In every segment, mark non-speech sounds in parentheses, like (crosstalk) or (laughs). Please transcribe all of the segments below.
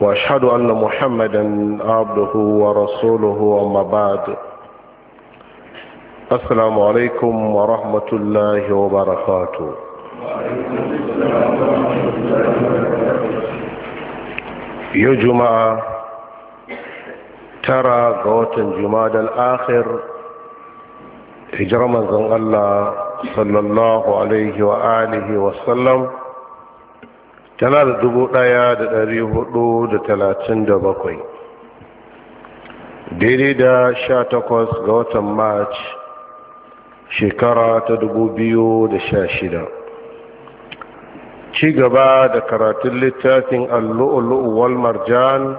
واشهد ان محمدا عبده ورسوله اما بعد السلام عليكم ورحمه الله وبركاته يا جماعه ترى قوت الجماد الاخر هجر من الله صلى الله عليه واله وسلم tana da dubu ɗaya da ɗari hudu da talatin da bakwai daidai da sha takwas ga watan march shekara ta dubu biyu da sha shida ci gaba da karatun littafin allu'ulu'u wal marjan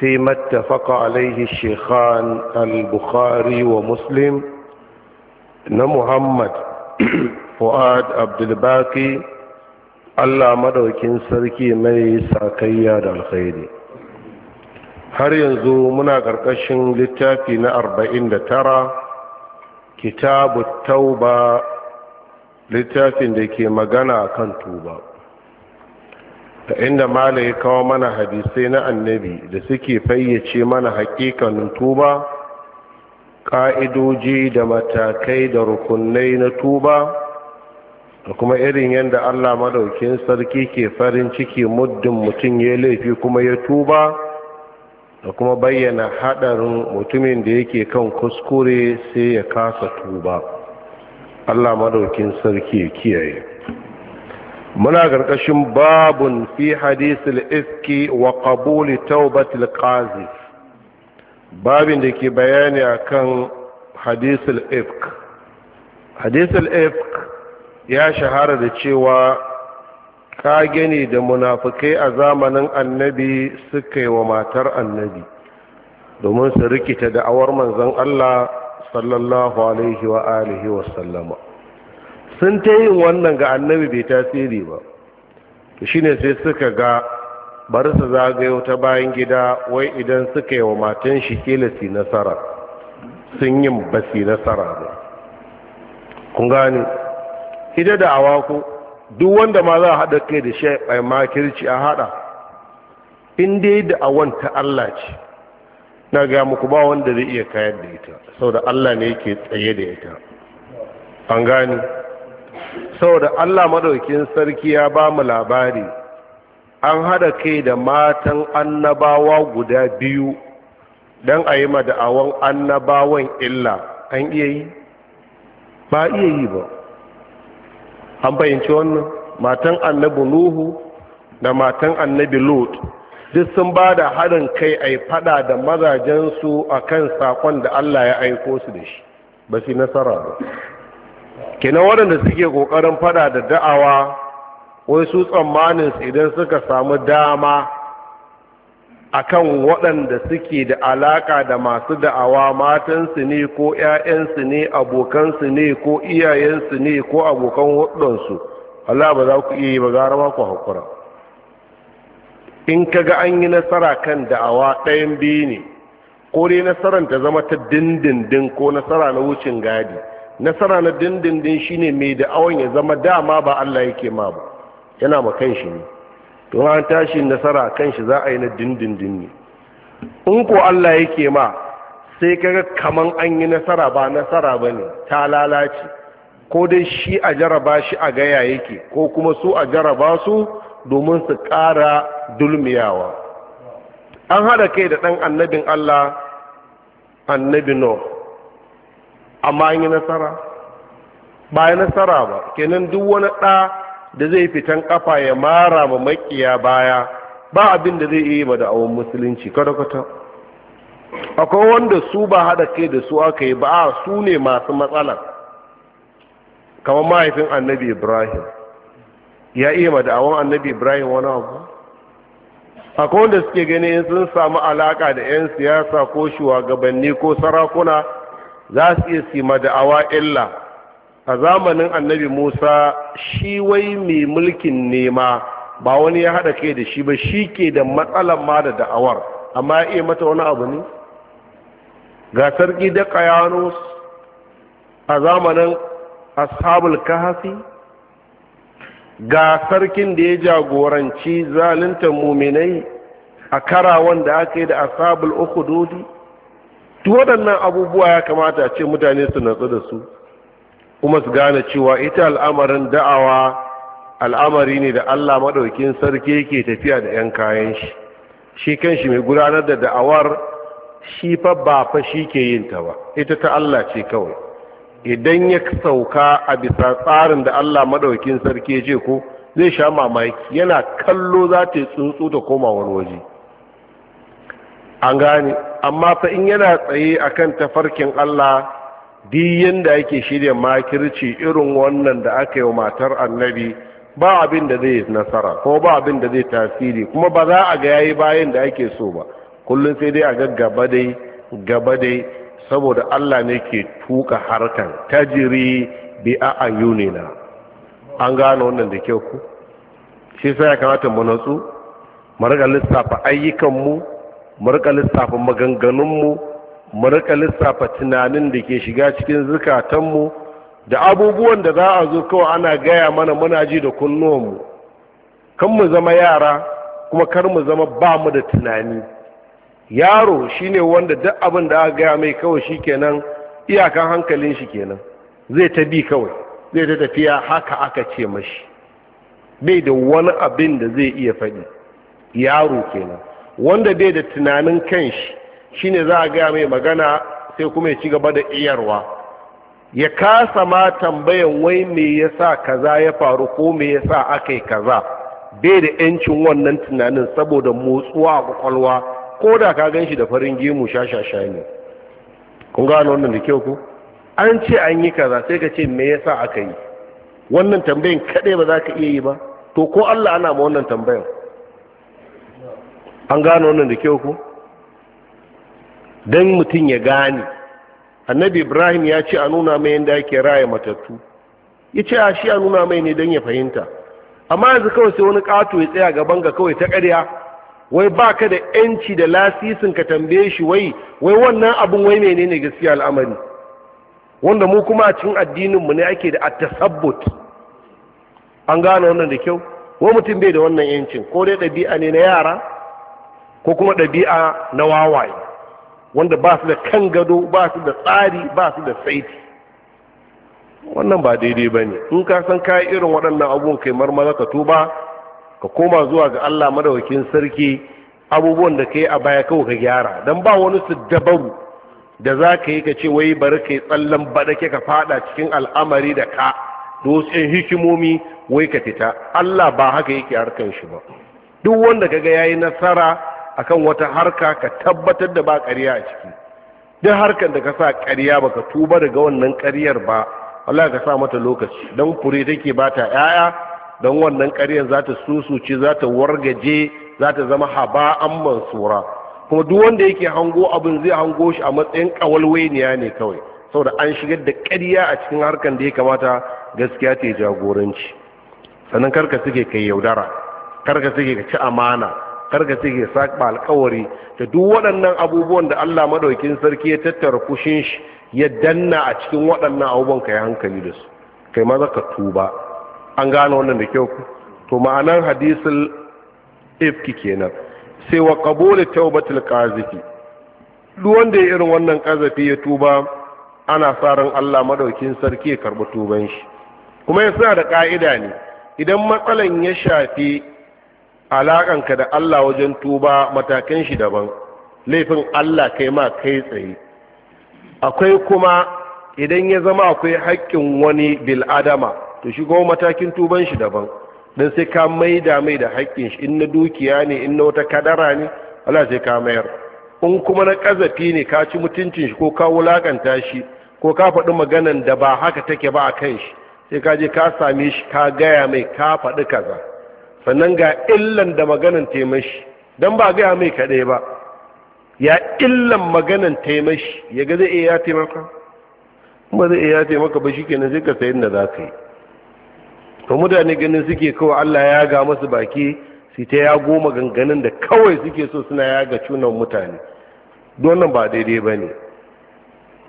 fi mattafaka alaihi shekhan al-bukhari wa muslim na muhammad (clears throat) fuad abdulbaki Allah madaukin sarki mai sakayya da alkhairi har yanzu muna ƙarƙashin littafi na 49 kitabu tauba littafin da ke magana kan tuba ta inda Malam ya kawo mana hadisai na annabi da suke fayyace mana hakikanin tuba ƙa'idoji da matakai da rukunai na tuba da kuma irin yadda Allah madaukin sarki ke farin ciki muddin mutum ya laifi kuma ya tuba da kuma bayyana hadarin mutumin da yake kan kuskure sai ya kasa tuba Allah madaukin sarki ya kiyaye muna karkashin babun fi hadisul iski wa qabuli taubatil qazi babin da ke bayani akan hadisul ifk hadisul ifk ya shahara da cewa ka gani da munafukai a zamanin annabi suka yi wa matar annabi domin su rikita da'awar manzon Allah sallallahu alaihi wa alihi wa sallama sun ta yin wannan ga annabi bai tasiri ba to shine sai suka ga bari su zagayo ta bayan gida wai idan suka yi wa matan shi kila si nasara sun yin basi nasara ba. kun gane ita da awa ko duk wanda ma za a haɗa kai da shi a makirci a haɗa in dai da awon ta Allah ce na ga muku ba wanda zai iya kayar da ita saboda Allah ne yake tsaye da ita an gani saboda Allah madaukin sarki ya ba mu labari an haɗa kai da matan annabawa guda biyu don a yi ma da awon annabawan illa an iya yi ba iya yi ba an fahimci wannan matan annabi nuhu da matan annabi lot duk sun ba da haɗin kai a faɗa da mazajensu a kan saƙon da allah ya aiko su da shi ba su nasara ba kenan waɗanda suke ƙoƙarin faɗa da da'awa wai su tsammanin idan suka samu dama akan waɗanda suke da alaka da masu da'awa matansu ne ko 'ya'yansu ne abokansu ne ko iyayensu ne ko abokan hudunsu Allah ba za ku iya yi ba gara ma ku haƙura in ka ga an yi nasara kan da'awa ɗayan biyu ne ko dai nasarar ta zama ta dindindin ko nasara na wucin gadi nasara na dindindin shine mai da'awan ya zama dama ba Allah yake ma ba yana ma kan shi ne to an tashi nasara kan shi za a yi na dindindin ne in ko Allah yake ma sai kaga kaman an yi nasara ba nasara bane ta lalace ko dai shi a jaraba shi a gaya yake ko kuma su a jaraba su domin su ƙara dulmiyawa an haɗa kai da ɗan annabin Allah annabi no amma an yi nasara ba yi nasara ba kenan duk wani ɗa da zai fitan kafa ya mara ma makiya baya ba abin da zai iya da awon musulunci kwata-kwata akwai wanda su ba haɗa kai da su aka yi ba su ne masu matsala kamar mahaifin annabi ibrahim ya iya ma awon annabi ibrahim wani abu akwai wanda suke gani in sun samu alaka da 'yan siyasa ko shugabanni ko sarakuna za su iya sima awa illa a zamanin annabi musa shi wai mai mulkin nema ba wani ya haɗa kai da shi ba shi ke da matsalan ma da da'awar amma ya iya mata wani abu ne ga sarki da kayanus a zamanin ashabul kahafi ga sarkin da ya jagoranci zaluntar muminai a kara wanda aka yi da ashabul ukududi waɗannan abubuwa ya kamata a ce mutane su natsu da su kuma su gane cewa ita al'amarin da'awa al'amari ne da Allah maɗaukin sarki yake tafiya da 'yan kayan shi shi kanshi mai gudanar da da'awar shi fa ba fa shi ke yin ta ba ita ta Allah ce kawai idan ya sauka a bisa tsarin da Allah maɗaukin sarki ce ko zai sha mamaki yana kallo za ta yi tsuntsu ta koma wani waje an gane amma fa in yana tsaye akan tafarkin Allah duk yanda ake shirya makirci irin wannan da aka yi wa matar annabi ba abin da zai nasara ko ba abin da zai tasiri kuma ba za a ga yayi bayan da ake so ba kullum sai dai a ga gaba dai gaba dai saboda Allah ne ke tuka harkan tajiri bi a ayunina an gano wannan da kyau ku shi sai ya kamata mu natsu mu rika lissafa ayyukan mu mu rika lissafa maganganun mu mu rika lissafa tunanin da ke shiga cikin zukatanmu da abubuwan da za a zo kawai ana gaya mana muna ji da kunnuwanmu kan mu zama yara kuma kar mu zama ba mu da tunani yaro shine wanda duk abin da aka gaya mai kawai shi kenan iyakan hankalin shi kenan zai ta bi kawai zai ta tafiya haka aka ce mashi bai da wani abin da zai iya faɗi yaro kenan wanda bai da tunanin kan shi. shine za a gaya mai magana sai kuma ya ci gaba da iyarwa ya kasa ma tambayan wai me yasa kaza ya faru ko me yasa aka yi kaza bai da yancin wannan tunanin saboda motsuwa a kwakwalwa ko da ka gan shi da farin gemu shashasha ne kun gano wannan da kyau ku an ce an yi kaza sai ka ce me yasa aka yi wannan tambayin kaɗai ba za ka iya yi ba to ko Allah ana ma wannan tambayan an gano wannan da kyau ku don mutum ya gane annabi ibrahim ya ce a nuna mai yadda ake raya matattu ya ce a shi a nuna mai ne don ya fahimta amma yanzu kawai sai wani kato ya tsaya gaban ga kawai ta karya wai ba ka da yanci da lasisin ka tambaye shi wai wai wannan abin wai menene gaskiya al'amari wanda mu kuma a cikin addininmu ne ake da atasabbut an gane wannan da kyau wai mutum bai da wannan yancin ko dai ɗabi'a ne na yara ko kuma ɗabi'a na wawaye wanda ba su da kan gado ba su da tsari ba su da saiti wannan ba daidai ba ne in ka san kayi irin waɗannan abubuwan kai marmara ka tuba ka koma zuwa ga allah madawakin sarki abubuwan da ka yi a baya kawai ka gyara don ba wani su dabaru da za ka yi ka ce wai bari ka yi tsallan baɗake ka fada cikin al'amari da ka da hikimomi wai ka fita allah ba haka yake harkan shi ba duk wanda kaga yayi nasara akan wata harka ka tabbatar da ba ƙarya a ciki duk harkar da ka sa ƙarya baka tuba daga wannan ƙaryar ba Allah ka sa mata lokaci don fure take ba ta ƴaƴa don wannan ƙaryar za ta susuce za ta wargaje za ta zama haba an mansura kuma duk wanda yake hango abin zai hango shi a matsayin ƙawalwainiya ne kawai saboda an shigar da ƙarya a cikin harkar da ya kamata gaskiya ta jagoranci sannan karka suke kai yaudara karka suke ka ci amana karga sai ya saba alkawari da duk waɗannan abubuwan da Allah maɗaukin sarki ya tattara kushin shi ya danna a cikin waɗannan abubuwan kai hankali da su kai maza ka tuba an gane wannan da kyau to ma'anar hadisul ifki kenan sai wa qabulu tawbatul qazifi duk wanda ya irin wannan kazafi ya tuba ana sa ran Allah madaukin sarki ya karɓi tuban shi kuma ya da ka'ida ne idan matsalan ya shafi alaƙanka da Allah wajen tuba matakan shi daban laifin Allah kai ma kai tsaye akwai kuma idan ya zama akwai haƙƙin wani bil'adama to shi kuma matakin tuban shi daban don sai ka mai da mai da haƙƙin shi in na dukiya ne in na wata kadara ne Allah sai ka mayar in kuma na kazafi ne ka ci mutuncin shi ko ka wulakanta shi ko ka faɗi maganan da ba haka take ba a kan shi sai ka je ka same shi ka gaya mai ka faɗi kaza sannan ga illan da maganan taimashi don ba gaya mai kaɗai ba ya illan maganan taimashi ya ga zai iya ya taimaka ba zai iya ya taimaka ba shi kenan zai ka sayin da za ka yi to mutane ganin suke kawai allah ya ga masu baki su ta ya goma ganganin da kawai suke so suna ya ga cunan mutane nan ba daidai ba ne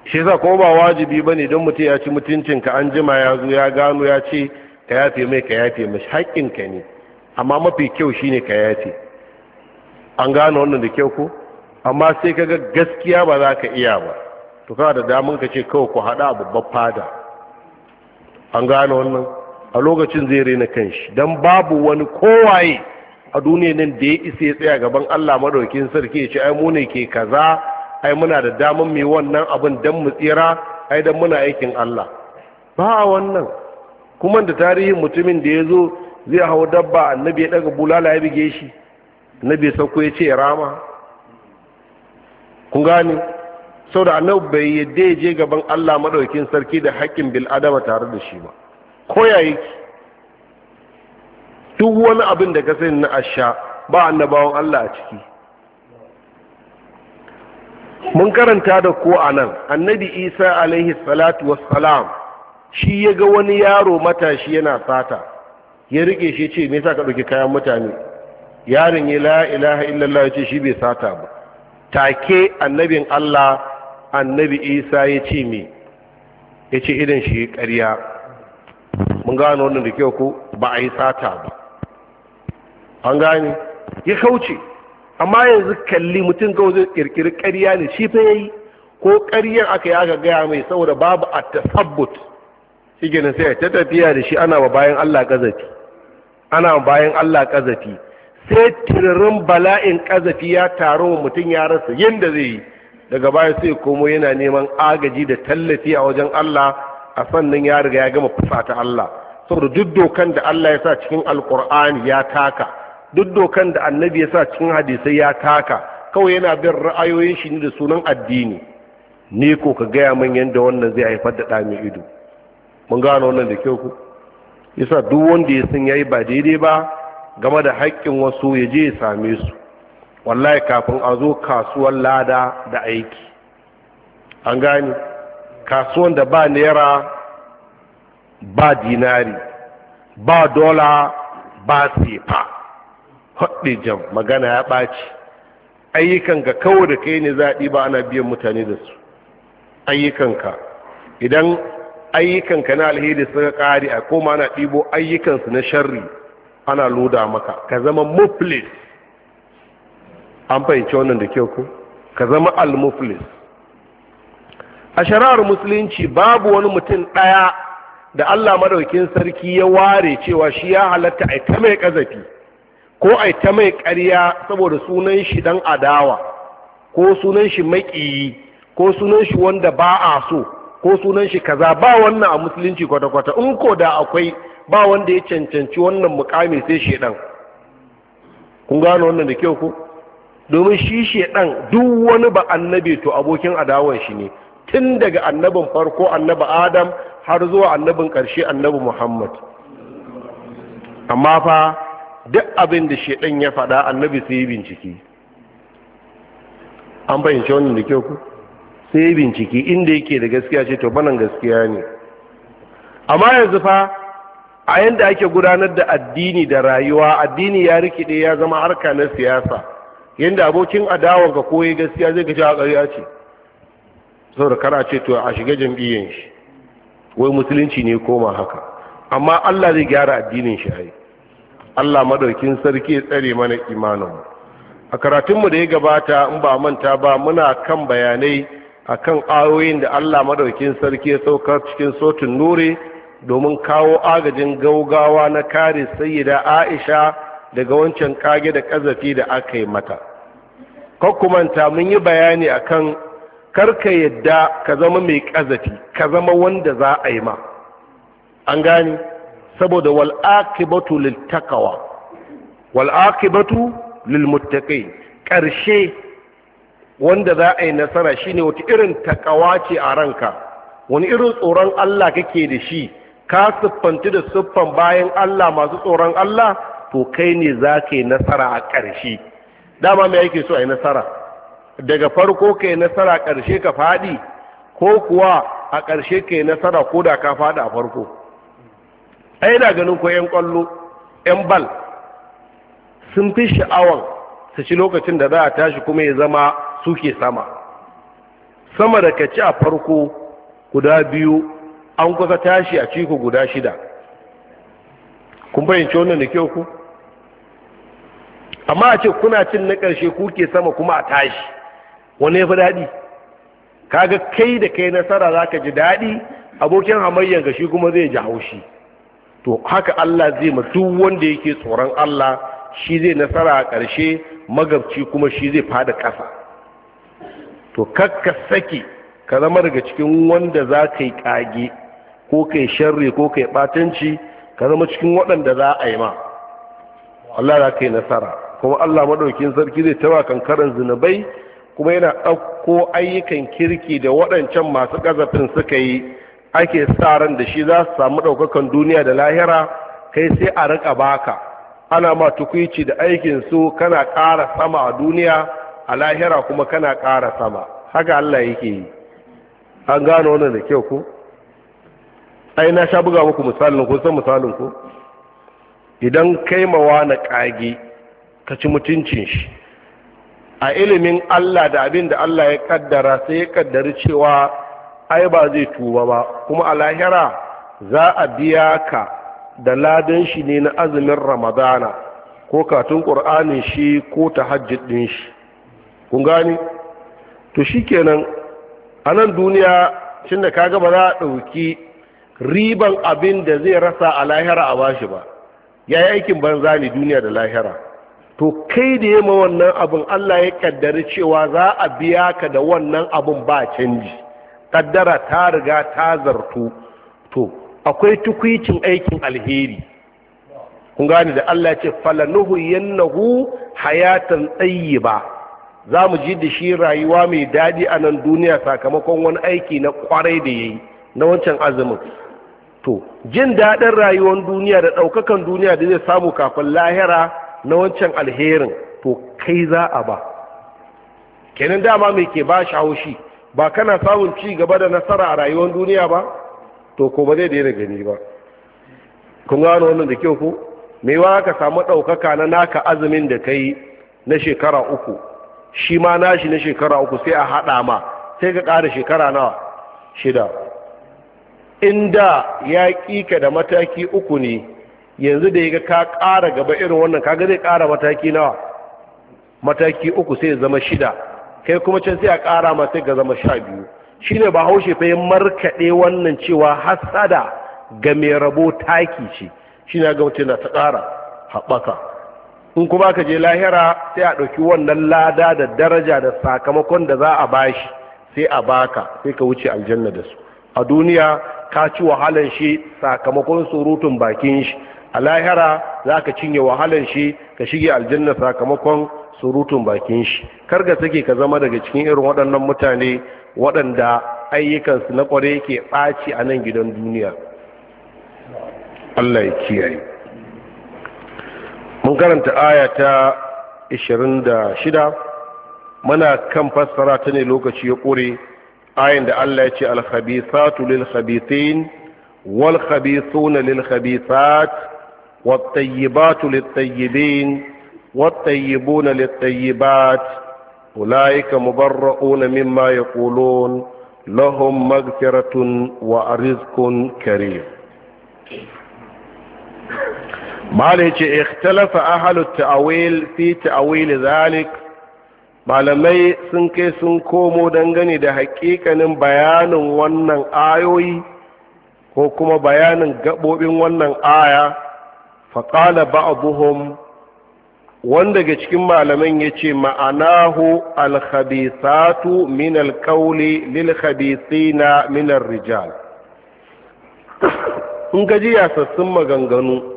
shi yasa kuma ba wajibi ba ne don mutum ya ci mutuncinka an jima ya zo ya gano ya ce ka yafe mai ka yafe mashi haƙƙinka ne amma mafi kyau shine ka yace an gane wannan da kyau ko amma sai ka ga gaskiya ba za ka iya ba to kawai da damun ka ce kawai ku hada a babbar fada an gane wannan a lokacin zai raina kanshi don babu wani kowaye a duniya nan da ya isa ya tsaya gaban Allah madaukakin sarki ya ce ai mu ne ke kaza ai muna da damun mai wannan abin don mu tsira ai don muna aikin Allah ba wannan kuma da tarihin mutumin da ya zo zai hau dabba annabi ya daga bulala ya bige shi annabi sauko ya ce rama kun gane sau da annabi bai yadda ya je gaban allah maɗaukin sarki da haƙƙin bil'adama tare da shi ba ko ya yake duk wani abin da ka sani na asha ba annabawan allah a ciki mun karanta da ko a nan annabi isa alaihi salatu salam shi ya ga wani yaro matashi yana sata ya rike shi ce me yasa ka ɗauki kayan mutane yaron ya la ilaha illallah ya ce shi bai sata ba take annabin Allah annabi Isa ya ce me ya ce idan shi ƙarya mun gane wannan da kyau ko ba a yi sata ba an gane ya kauce amma yanzu kalli mutum kawai zai kirkiri ƙarya ne shi fa yayi ko ƙaryar aka yi aka gaya mai saboda babu a tasabbut shi sai ta tafiya da shi ana ba bayan Allah gazafi ana bayan Allah ƙazafi sai tiririn bala'in ƙazafi ya taru wa mutum ya rasa yadda zai yi daga baya sai komo yana neman agaji da tallafi a wajen Allah a sannan ya riga ya gama fusata Allah saboda duk dokan da Allah ya sa cikin alkur'ani ya taka duk dokan da annabi ya sa cikin hadisai ya taka kawai yana bin ra'ayoyin shi ne da sunan addini ne ko ka gaya min yadda wannan zai haifar da ɗa mai ido mun gano wannan da kyau ku yasa duk wanda ya san yayi ba daidai ba game da haƙƙin wasu ya je ya same su wallahi kafin a zo kasuwar lada da aiki an gane kasuwan da ba naira ba dinari ba dola ba sefa haɗe jam magana ya ɓaci ayyukanka kawai da kai ne za ba ana biyan mutane da su ayyukanka idan ayyukanka na alheri suka kare a koma na ɗibo ayyukansu na sharri ana loda maka ka zama muflis an fahimci wannan da kyau ku ka zama al a shari'ar musulunci babu wani mutum ɗaya da Allah madaukin sarki ya ware cewa shi ya halatta a ta mai ƙazafi ko a ta mai ƙarya saboda sunan shi dan adawa ko sunan shi maƙiyi ko sunan shi wanda ba a so ko sunan shi kaza ba wannan a musulunci kwata-kwata in ko da akwai ba wanda ya cancanci wannan mukami sai shedan kun gano wannan da kyau ko domin shi shedan duk wani ba annabi to abokin adawan shi ne tun daga annabin farko annabi adam har zuwa annabin Karshe, annabi muhammad amma fa duk abin da shedan ya faɗa annabi sai yi bincike an bayyance wannan da kyau ko sai bincike inda yake da gaskiya ce to banan gaskiya ne amma yanzu fa a yanda ake gudanar da addini da rayuwa addini ya rikide ya zama harka na siyasa yanda abokin adawanka ko ya gaskiya zai ga a ƙarya ce saboda kana ce to a shiga jam'iyyar shi wai musulunci ne koma haka amma Allah zai gyara addinin shi ai Allah madaukin sarki ya tsare mana imaninmu a karatunmu da ya gabata in ba manta ba muna kan bayanai akan ayoyin da Allah madaukin sarki ya saukar cikin sotin nuri domin kawo agajin gaugawa na kare sayyida Aisha daga wancan kage da kazafi da aka yi mata kakkumanta mun yi bayani akan karka yadda ka zama mai ƙazafi ka zama wanda za a yi ma an gani saboda wal akibatu lil taqwa wal lil muttaqin karshe wanda za a yi nasara shine wata irin takawa ce a ranka wani irin tsoron Allah kake da shi ka siffanci da siffan bayan Allah masu tsoron Allah to kai ne za ka yi nasara a ƙarshe dama mai yake so a yi nasara daga farko ka yi nasara ƙarshe ka faɗi ko kuwa a ƙarshe ka yi nasara ko da ka faɗi a farko ai da ganin ko 'yan ƙwallo 'yan bal sun fi sha'awan su ci lokacin da za a tashi kuma ya zama suke sama sama da kaci a farko guda biyu an kusa tashi a ciko guda shida kun bayyance wannan da kyau ku amma a ce kuna cin na ƙarshe kuke sama kuma a tashi wani ya fi daɗi kaga kai da kai nasara za ka ji daɗi abokin hamayyar ga shi kuma zai ji haushi to haka Allah zai ma duk wanda yake tsoron Allah shi zai nasara a ƙarshe magabci kuma shi zai fada ƙasa to kakka sake ka zama daga cikin wanda za ka yi kage ko ka yi sharri ko ka yi batanci ka zama cikin waɗanda za a yi ma Allah za ka yi nasara kuma Allah maɗaukin sarki zai tawa kankaran zunubai kuma yana ɗauko ayyukan kirki da waɗancan masu ƙazafin suka yi ake sa ran da shi za su samu ɗaukakan duniya da lahira kai sai a riƙa baka ana ma tukuici da aikin su kana ƙara sama a duniya a lahira kuma kana ƙara sama haka Allah yake yi an gano wannan da kyau ku ai na sha buga muku misalin ku san misalin ku idan kai mawa na kage ka ci mutuncin shi a ilimin Allah da abin da Allah ya kaddara sai ya kaddari cewa ai ba zai tuba ba kuma a lahira za a biya ka da ladan shi ne na azumin ramadana ko katun ƙur'anin shi ko ta ɗin shi kun gani to shikenan a nan duniya shin da kaga ba za a ɗauki riban abin da zai rasa a lahira a bashi ba ya yi aikin banza ne duniya da lahira to kai da yamma wannan abin allah ya kaddari cewa za a biya ka da wannan abin ba canji kaddara ta riga ta zartu to akwai tukwicin aikin alheri kun gane da allah ya ce falanuhu yannahu hayatan tsayi ba za mu ji da shi rayuwa mai daɗi a nan duniya sakamakon wani aiki na kwarai da ya yi na wancan azumin to jin daɗin rayuwar duniya da ɗaukakan duniya da zai samu kafin lahira na wancan alherin to kai za a ba kenan dama mai ke ba shi haushi ba kana samun ci gaba da nasara a rayuwar duniya ba to ko ba zai daina gani ba kun gano wannan da kyau ko me wa ka samu ɗaukaka na naka azumin da kai na shekara uku shi ma nashi na shekara uku sai a haɗa ma sai ka ƙara shekara nawa shida inda ya ƙiƙa da mataki uku ne yanzu da ya ka ƙara gaba irin wannan kaga zai ƙara mataki nawa mataki uku sai zama shida kai kuma can sai a ƙara ma sai ga zama sha biyu shi ne ba haushe fa ya markaɗe wannan cewa hasada ga mai rabo taki ce shi ne ga mutum na ta ƙara haɓaka in kuma ka je lahira sai a ɗauki wannan lada da daraja da sakamakon da za a bashi sai a baka sai ka wuce aljanna da su a duniya ka ci wahalar shi sakamakon surutun bakin shi a lahira za ka cinye wahalar shi ka shige aljanna sakamakon surutun bakin shi karga sake ka zama daga cikin irin waɗannan mutane waɗanda ayyukansu na ƙware ke ɓaci a nan gidan duniya Allah ya kiyaye mun karanta aya ta 26 muna kan fassara ta ne lokaci ya ƙure ayin da Allah ya ce alhabisatu lilhabithin walhabithuna lilhabithat wattayyibatu littayyibin wattayyibuna littayyibat ulaika mubarra'una mimma yaqulun lahum maghfiratun wa rizqun karim malai ce ikhtilafa ahlut ta'wil fi ta'wil zalik malamai sun kai sun komo dangane da hakikanin bayanin wannan ayoyi ko kuma bayanin gabobin wannan aya faqala ba'dhum wanda daga cikin malaman ya ce ma'anahu alkhabisatu min alkauli khabithina min rijal in gaji sassun maganganu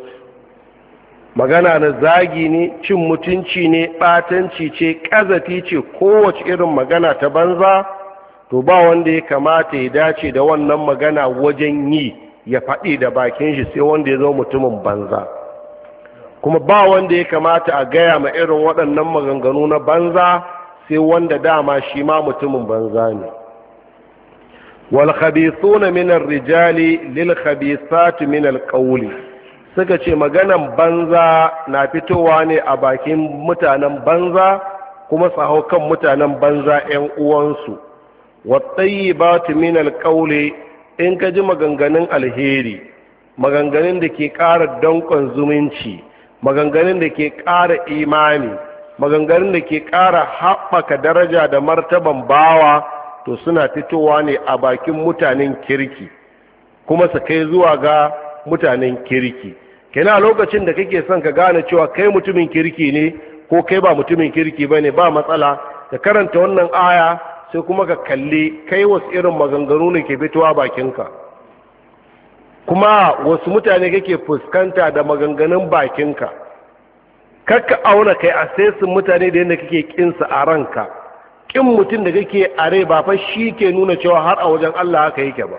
magana na zagi ne cin mutunci ne batanci ce kazati ce kowace irin magana ta banza to ba wanda ya kamata ya dace da wannan magana wajen yi ya faɗi da bakin shi sai wanda ya zo mutumin banza kuma ba wanda ya kamata a gaya ma irin waɗannan maganganu na banza sai wanda dama shi ma mutumin banza ne wal khabithuna min ar-rijali lil khabithati min al-qawli suka ce maganan banza na fitowa ne a bakin mutanen banza kuma tsaho kan mutanen banza 'yan uwansu wattayi ba min alƙaule in ka ji maganganun alheri maganganun da ke ƙara danƙon zumunci maganganun da ke ƙara imani maganganun da ke ƙara haɓaka daraja da martaban bawa to suna fitowa ne a bakin mutanen kirki kuma su kai zuwa ga mutanen kirki Yana lokacin da kake son ka gane cewa kai mutumin kirki ne ko kai ba mutumin kirki ba ne ba matsala ka karanta wannan aya sai kuma ka kalli kai wasu irin maganganu ne ke fitowa bakinka kuma wasu mutane kake fuskanta da maganganun bakinka kakka auna kai a mutane da yadda kake kinsa a ranka kin mutum da kake are ba fa shi ke nuna cewa har a wajen Allah haka yake ba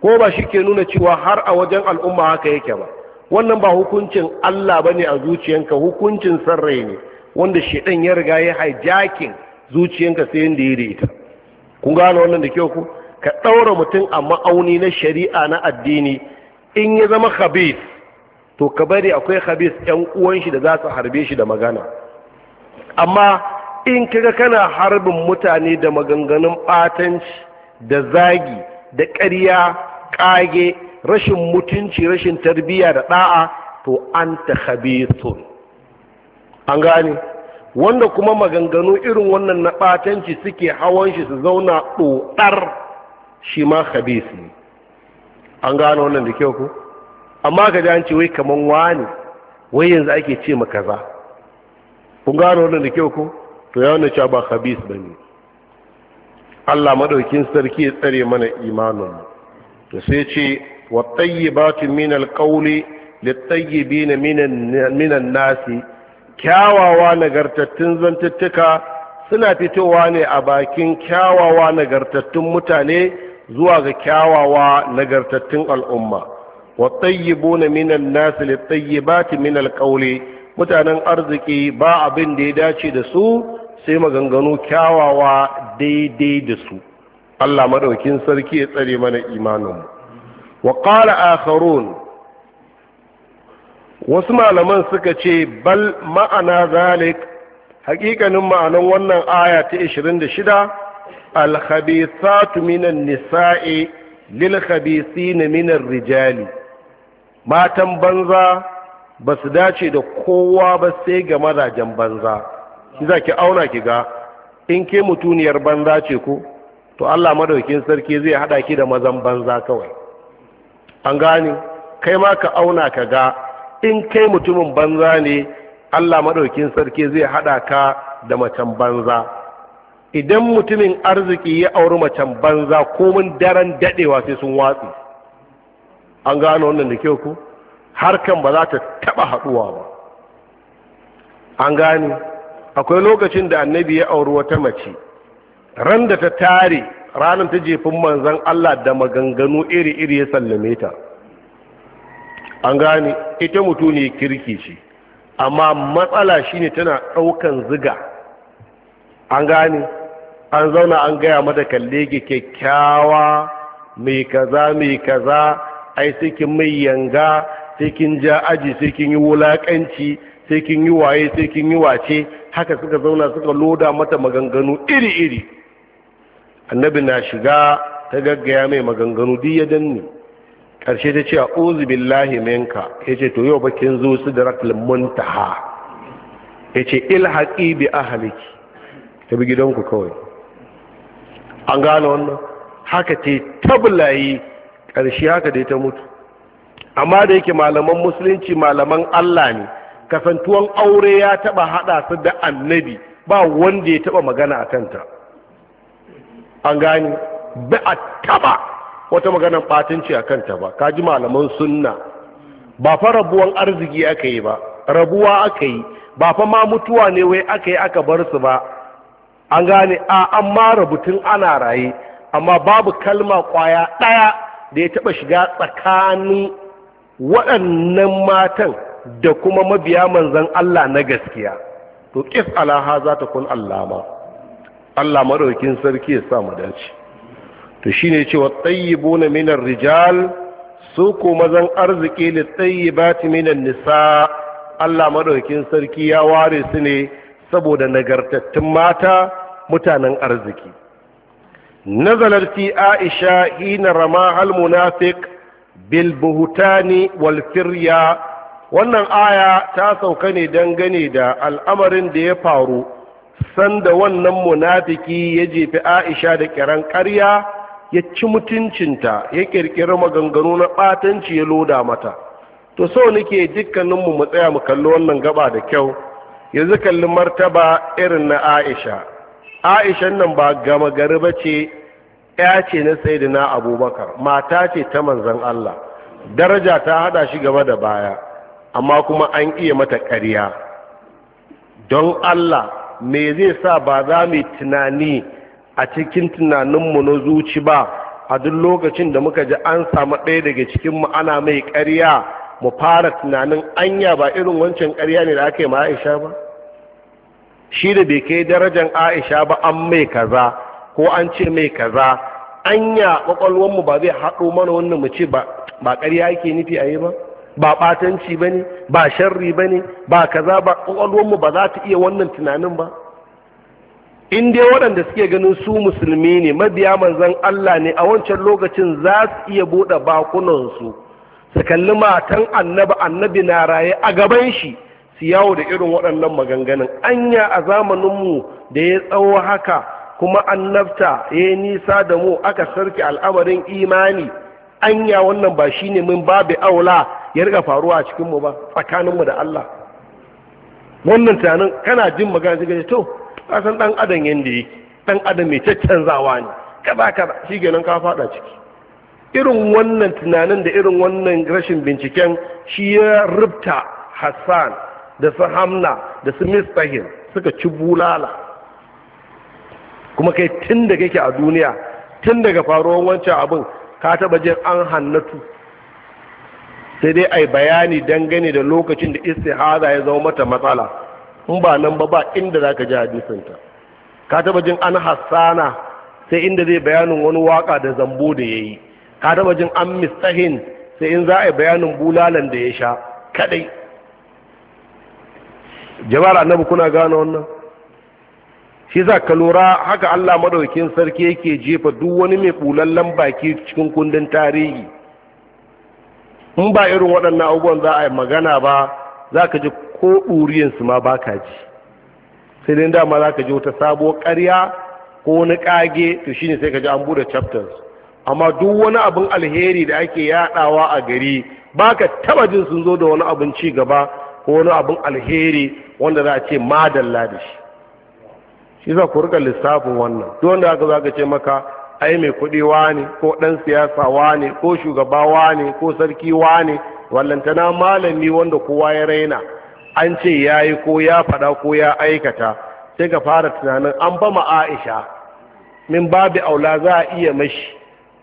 ko ba shi ke nuna cewa har a wajen al'umma haka yake ba wannan ba hukuncin Allah bane a zuciyanka hukuncin sarrai ne wanda shaɗan ya riga ya hijakin zuciyanka sai da ya ita kun gano wannan da kyau ku ka ɗaura mutum a ma'auni na shari'a na addini in ya zama khabith to ka bari akwai khabith yan uwan shi da za su harbe shi da magana amma in kaga kana harbin mutane da maganganun ɓatanci da zagi da ƙarya ƙage rashin mutunci rashin tarbiyya da da'a to an ta khabithun an gane wanda kuma maganganu irin wannan na batanci suke hawan shi su zauna ɗoɗar shi ma khabith ne an gane wannan da kyau ku amma ka ji an ce wai kaman wani wai yanzu ake ce ma kaza kun gane wannan da kyau ku to ya wannan cewa ba khabith bane Allah madaukin sarki ya tsare mana imanin mu to sai ce wattayyibatu min alqawli littayyibina min an-nasi kyawawa nagartattun zantattuka suna fitowa ne a bakin kyawawa nagartattun mutane zuwa ga kyawawa nagartattun al'umma wattayyibuna min an-nasi littayyibati min alqawli mutanen arziki ba abin da ya dace da su sai maganganu kyawawa daidai da su Allah madaukin sarki ya tsare mana imanin mu. wa qala wasu malaman suka ce bal ma'ana zalik hakikanin ma'anan wannan aya ta 26 alkhabithatu minan nisa'i lil khabithina minan rijali matan banza ba su dace da kowa ba sai ga mazajen banza shi za ki auna ki ga in ke mutuniyar banza ce ku to Allah madaukin sarki zai hada ki da mazan banza kawai an gane kai ma ka auna ka ga in kai mutumin banza ne allah maɗaukin sarki zai haɗa ka da macen banza idan mutumin arziki ya auri macen banza komin daren daɗewa sai sun watsi an gane wannan da kyau ku harkan ba za ta taɓa haɗuwa ba an gane akwai lokacin da annabi ya auri wata mace ran da ta tare ranar ta jefin manzan Allah da maganganu iri-iri ya sallame ta an gane ita mutu ne kirki ce amma matsala shine tana ɗaukan ziga an gane an zauna an gaya mata kalle ke kyakkyawa mai kaza mai kaza ai sai kin mai yanga sai kin ja aji sai kin yi wulakanci sai kin yi waye sai kin yi wace haka suka zauna suka loda mata maganganu iri-iri annabi na shiga ta gaggaya mai maganganu duk ya danne ƙarshe ta ce a uzu billahi minka ya ce to yau bakin zo su da ratul muntaha ya ce ilhaƙi bi ahaliki ta bi gidanku kawai an gane wannan haka ce tabulayi ƙarshe haka dai ta mutu amma da yake malaman musulunci malaman Allah ne kasantuwan aure ya taba hada su da annabi ba wanda ya taba magana a kanta an gani ba a taba wata maganan batunci a kanta ba kaji malaman sunna ba fa rabuwan arziki aka yi ba rabuwa aka yi ba fa ma mutuwa ne wai aka yi aka bar su ba an gane a an ma rabutun ana raye amma babu kalma kwaya ɗaya da ya taba shiga tsakanin waɗannan matan da kuma mabiya manzan Allah na gaskiya to kif alaha za ta kun allama Allah madaukin sarki ya sa mu dace to shine cewa tayyibuna minar rijal su ko mazan arziki li tayyibati minan nisa Allah madaukin sarki ya ware su ne saboda nagartattun mata mutanen arziki nazalar fi aisha hina rama al munafiq bil buhutani wal firya wannan aya ta sauka ne dangane da al'amarin da ya faru sanda wannan munafiki ya jefi aisha da kiran ƙarya ya ci mutuncinta ya ƙirƙiri maganganu na ɓatanci ya loda mata to so nake dukkaninmu mu tsaya mu kalli wannan gaba da kyau yanzu kalli martaba irin na aisha aishan nan ba gama gari ba ce ya ce na na abubakar mata ce ta manzan allah daraja ta haɗa shi gaba da baya amma kuma an iya mata ƙarya don allah me zai sa ba za mu tunani a cikin tunaninmu na zuci ba a duk lokacin da muka ji an samu ɗaya daga cikinmu ana mai ƙarya mu fara tunanin anya ba irin wancan ƙarya ne da aka yi ma aisha ba shi da bai kai darajan aisha ba an mai kaza ko an ce mai kaza anya ƙwaƙwalwanmu ba zai haɗo mana wannan mu ce ba ƙarya ake nufi ayi yi ba ba ɓatanci ba ne ba sharri ba ne ba kaza ba ƙwaƙwalwarmu ba za ta iya wannan tunanin ba in dai waɗanda suke ganin su musulmi ne mabiya manzan Allah ne a wancan lokacin za su iya buɗe bakunansu su kalli matan annabi annabi na raye a gaban shi su yawo da irin waɗannan maganganun anya a zamaninmu da ya tsawo haka kuma annabta ya yi nisa da mu aka sarki al'amarin imani anya wannan ba shine min babu aula ya riga faruwa a cikinmu ba tsakaninmu da Allah wannan tunanin kana jin magana sai gaje to ka san dan adam yanda yake dan adam mai caccanzawa ne kaza kaza shikenan ka fada ciki irin wannan tunanin da irin wannan rashin binciken shi ya rubta Hassan da su Hamna da su mistahin suka ci bulala kuma kai tun da kake a duniya tun daga faruwar wancan abin ka taba jin an hannatu sai dai ai bayani dangane da lokacin da istihaza ya zama mata matsala in ba nan ba ba inda za ka ji hadisinta ka taba jin an hassana sai inda zai bayanin wani waka da zambo da ya yi ka taba jin an mistahin sai in za a yi bayanin bulalan da ya sha kadai jama'ar annabi kuna gane wannan shi za ka lura haka allah madaukin sarki yake jefa duk wani mai bulallen baki cikin kundin tarihi in ba irin waɗannan abubuwan za a yi magana ba za ka ji ko ɗuriyarsu ma ba ka ji sai dai dama za ka ji wata sabo ƙarya ko wani ƙage to ne sai ka ji an buɗe chapters amma duk wani abin alheri da ake yaɗawa a gari ba ka taɓa jin sun zo da wani abin ci gaba ko wani abin alheri wanda za a ce madalla da shi shi za ku rika lissafin wannan duk wanda aka za ka ce maka ai mai kuɗi wani ko ɗan siyasa wani ko shugaba wani ko sarki wallanta wallantana malami wanda kowa ya raina an ce ya yi ko ya faɗa ko ya aikata sai ka fara tunanin an ba aisha min babu aula za a iya mashi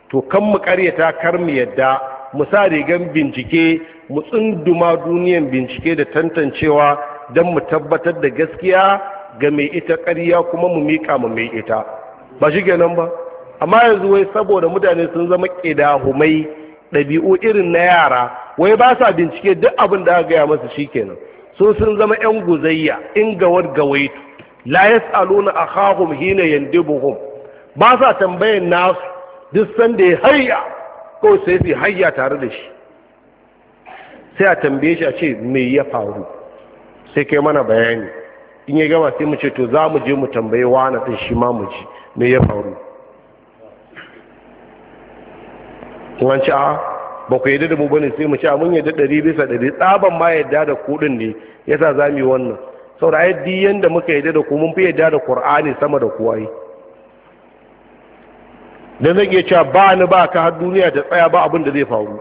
to kan mu karyata kar mu yadda mu sa rigan bincike mu tsunduma duniyan bincike da tantancewa don mu tabbatar da gaskiya ga mai ita ƙarya kuma mu miƙa mu mai ita ba shi kenan ba amma yanzu wai saboda mutane sun zama ƙidahumai ɗabi'u irin na yara wai ba sa bincike duk abin da aka gaya masu shikenan su sun zama yan guzayya in gawar gawaitu la yas'aluna akhahum hina yandibuhum ba sa tambayan nasu duk sanda ya hayya ko sai su hayya tare da shi sai a tambaye shi a ce me ya faru sai kai mana bayani in ya gama sai mu ce to za mu je mu tambaye wani ɗin shi ma mu ji me ya faru in ci a ba ku yadda da mu bane sai mu ci a mun yadda ɗari bisa ɗari tsaban ma yadda da kuɗin ne ya sa za mu yi wannan saboda ai duk yadda muka yadda da ku mun fi yadda da Kur'ani sama da kuwa yi dan zan iya cewa ba ni ba ka har duniya ta tsaya ba abin da zai faru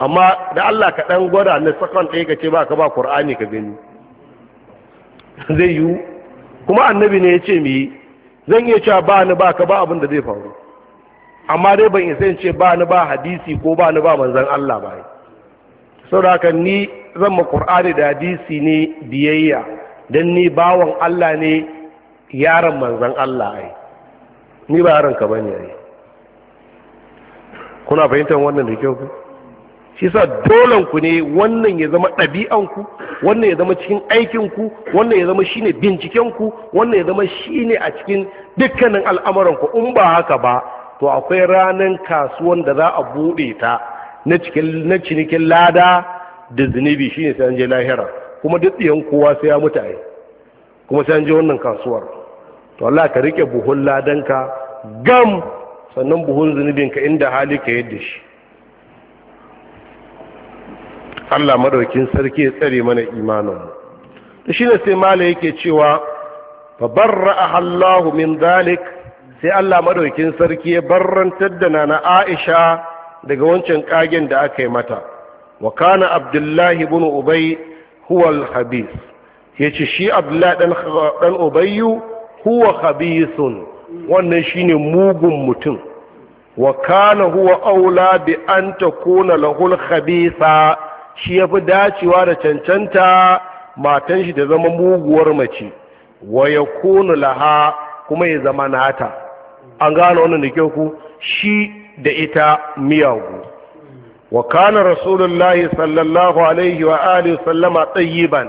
amma da Allah ka dan gwada na sakon ɗaya ka ce ba ka ba Kur'ani ka gani zai yiwu kuma annabi ne ya ce mu yi zan iya cewa ba ni ba ka ba abin da zai faru amma dai ban isa in ce ba ni ba hadisi ko ba ni ba manzan Allah ba saboda haka ni zan ma Qur'ani da hadisi ne biyayya dan ni bawan Allah ne yaron manzan Allah ai ni ba yaron ka bane ai kuna fahimtar wannan da kyau shi sa dolan ku ne wannan ya zama ɗabi'an ku wannan ya zama cikin aikin ku wannan ya zama shine binciken ku wannan ya zama shine a cikin dukkanin al'amuran ku in ba haka ba to akwai ranar kasuwan da za a buɗe ta na cinikin lada da zunubi shi ne je lahira kuma duk ɗiyan kowa sai ya mutane kuma sai je wannan kasuwar to Allah ka rike buhun ladanka gam sannan buhun zunubinka inda hali ka yadda shi Allah madaukin sarki ya tsare mana imaninmu to shine sai mala yake cewa fa barra'aha Allahu min Zalik. sai Allah madaukin sarki ya barrantar da nana Aisha daga wancan kagen da aka yi mata wa kana Abdullahi ibn Ubay huwa al-khabith yace shi Abdullahi dan dan Ubayyu huwa wannan shine mugun mutum wa kana huwa aula bi an takuna lahul khabitha shi yafi dacewa da cancanta matan shi da zama muguwar mace wa yakunu laha kuma ya zama nata an gane wannan da kyau ku shi da ita miyagu wa kana rasulullahi sallallahu alaihi wa alihi sallama tayyiban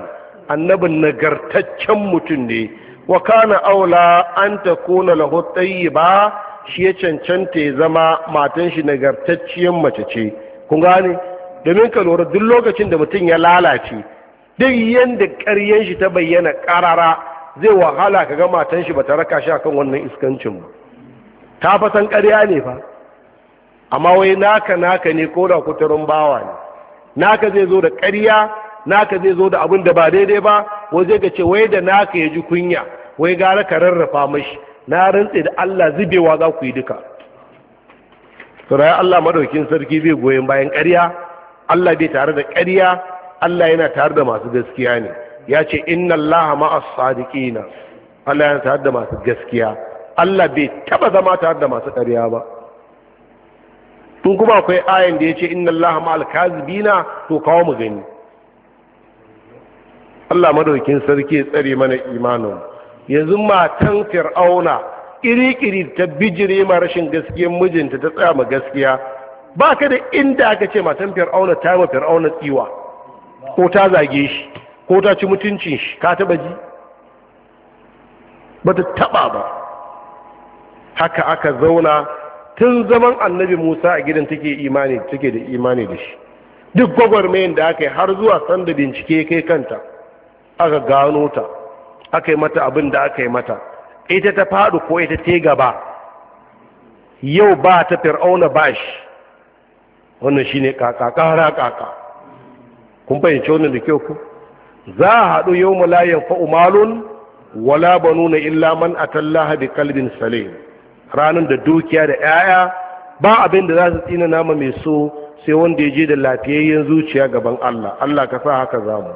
annabin nagartaccen mutum ne wa kana aula an ta kona lahu tayyiba shi ya cancanta ya zama matan shi nagartacciyar mace ce kun gane domin ka lura duk lokacin da mutum ya lalace duk yadda ƙaryen shi ta bayyana ƙarara zai wahala ka ga matan shi ba ta raka shi akan wannan iskancin ba ta fasan ƙarya ne fa amma wai naka naka ne ko da kuturin bawa ne naka zai zo da ƙarya naka zai zo da abin da ba daidai ba wai zai ga ce wai da naka ya ji kunya wai gara ka rarrafa mashi na rantse da Allah zubewa za ku yi duka sauraya Allah madaukin sarki zai goyon bayan ƙarya Allah bai tare da ƙarya Allah yana tare da masu gaskiya ne ya ce inna Allah ma'as sadiqina Allah yana tare da masu gaskiya Allah bai taba zama tare da masu ƙarya ba tun kuma akwai ayan da ya ce inna Allah ma'al bina to kawo mu gani Allah madaukin sarki tsare mana imanin yanzu matan fir'auna ƙiriƙiri ta bijire ma rashin gaskiyar mijinta ta tsaya ma gaskiya ba ka da inda aka ce matan fir'auna ta ma fir'auna tsiwa ko ta zage shi ko ta ci mutuncin shi ka taba ji ba ta taba ba haka aka zauna tun zaman annabi musa a gidan take imani take da imani da shi duk gwagwarmayin da aka yi har zuwa sanda bincike kai kanta aka gano ta aka yi mata abin da aka yi mata ita ta faɗi ko ita ta gaba yau ba ta fir'auna ba shi wannan shine kaka kara kaka kun fahimci wannan da kyau ku za a haɗu yau malayan fa'umalun wala banuna illa man atallaha bi kalbin salim ranar da dukiya da 'ya'ya ba abin da za su tsina nama mai so sai wanda ya je da lafiyayyen zuciya gaban Allah Allah ka sa haka zamu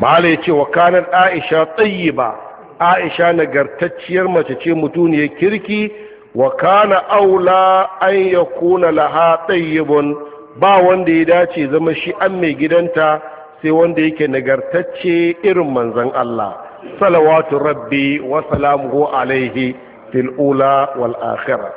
malai ce wa kanar aisha ba aisha nagartacciyar mace ce ya kirki wa kana aula an yakuna laha tayyibun ba wanda ya dace zama shi an mai gidanta sai wanda yake nagartacce irin manzan Allah salawatu rabbi wa salamu alaihi fil ula wal akhirah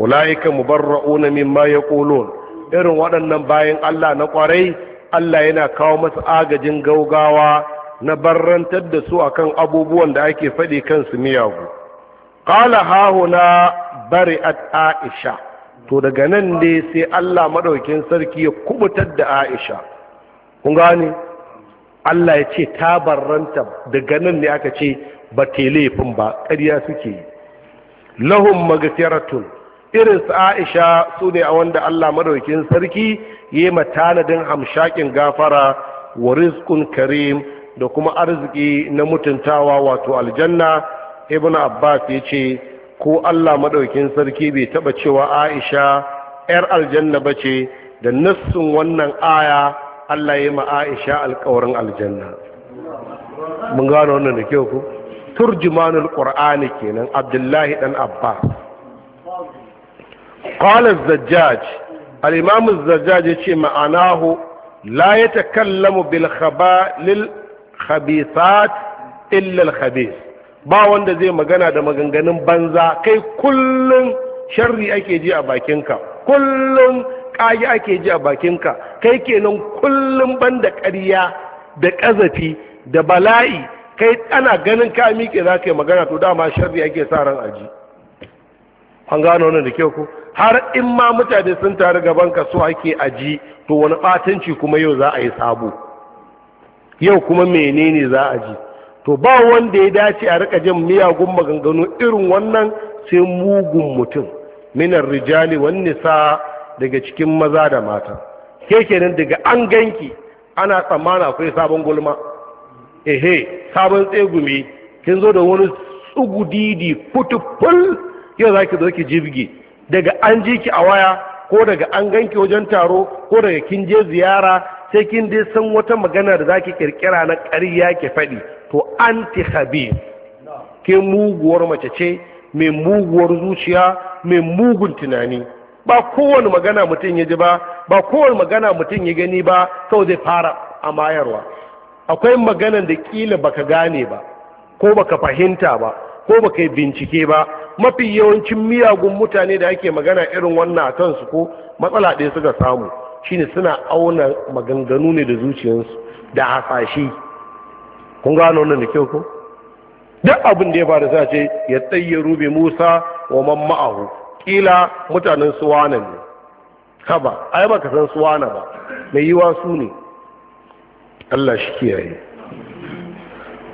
ulaika mubarra'una mimma yaqulun irin waɗannan bayan Allah na kwarai Allah yana kawo masa agajin gaugawa na barrantar da su a kan abubuwan da ake faɗi kansu miyagu qala hahuna bari'at aisha to daga nan ne sai Allah madaukin sarki ya kubutar da aisha kun gane Allah ya ce ta barranta daga nan ne aka ce ba te ba ƙarya suke yi lahum magfiratun irin su Aisha su ne a wanda Allah madaukin sarki yi tanadin hamshakin gafara wa rizqun karim da kuma arziki na mutuntawa wato aljanna ibn Abbas ya ce ko Allah madaukin sarki bai taba cewa Aisha yar aljanna bace da nassun wannan aya Allah ya ma Aisha alƙawarin aljanna mun gano wannan da kyau ku turjumanul qur'ani kenan abdullahi dan abba. qala az-zajjaj al-imam az-zajjaj yace ma'anahu la yatakallamu bil khaba'il khabithat illa ba wanda zai magana da maganganun banza kai kullum sharri ake ji a bakinka kullun ƙage ake ji a bakinka kai kenan kullun banda ƙarya da ƙazafi da bala'i kai ana ganin ka miƙe za ka yi magana to dama sharri ake sa ran aji an gano wannan da kyau ko har in ma mutane sun taru gaban ka so ake aji to wani batanci kuma yau za a yi sabo yau kuma menene za a ji to ba wanda ya dace a rika jan miyagun maganganu irin wannan sai mugun mutum minar rijali wani nisa daga cikin maza da mata ke daga an ganki ana tsammana akwai sabon gulma ehe sabon tsegumi kin zo da wani tsugudidi kutuful yau za ki zo ki jirgi daga an ji ki a waya ko daga an ganki wajen taro ko daga kin je ziyara sai kin dai san wata magana da za ki kirkira na ƙarya ki faɗi to anti habib ke muguwar mace ce mai muguwar zuciya mai mugun tunani ba kowane magana mutum ya ji ba ba kowane magana mutum ya gani ba kawai zai fara amayarwa akwai maganan da kila baka gane ba ko baka fahimta ba ko baka yi bincike ba mafi yawancin miyagun mutane da ake magana irin wannan a kansu ko matsala ɗaya suka samu shine suna auna maganganu ne da zuciyarsu da hasashe kun gano wannan da kyau ko duk abin da ya faru sai ce ya tsaye rubi Musa wa man ma'ahu kila mutanen suwanan ne haba ai baka san suwana ba mai yiwa su ne Allah shi kiyaye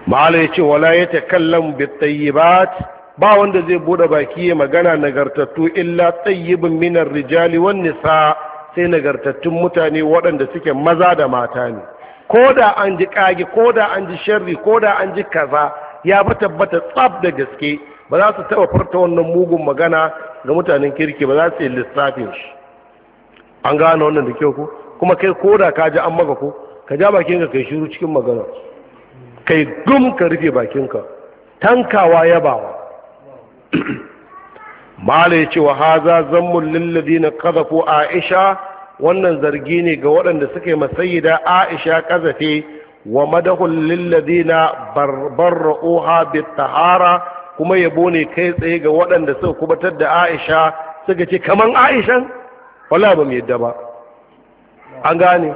ma'ala ya ce wala ya takallam kallon bittayi ba ba wanda zai bude baki ya magana nagartattu illa tsayibin minar rijali wani nisa sai nagartattun mutane waɗanda suke maza da mata ne ko da an ji kage ko da an ji sharri ko da an ji kaza ya fi tabbata tsab da gaske ba za su taɓa furta wannan mugun magana ga mutanen kirki ba za su yi lissafin shi an gane wannan da kyau ko kuma kai ko da ka ji an maka ko ka ja bakinka kai shiru cikin magana kai gum ka rufe bakinka tankawa yabawa (clears throat) mala ya ce wa haza zammun lillazi na kazafu aisha wannan zargi ne ga waɗanda suka yi da aisha kazafe wa madahun lillazi na barbarra'uha bitahara kuma yabo ne kai tsaye ga waɗanda suka kubatar da aisha suka ce kaman aishan wala ba mu yadda ba an gane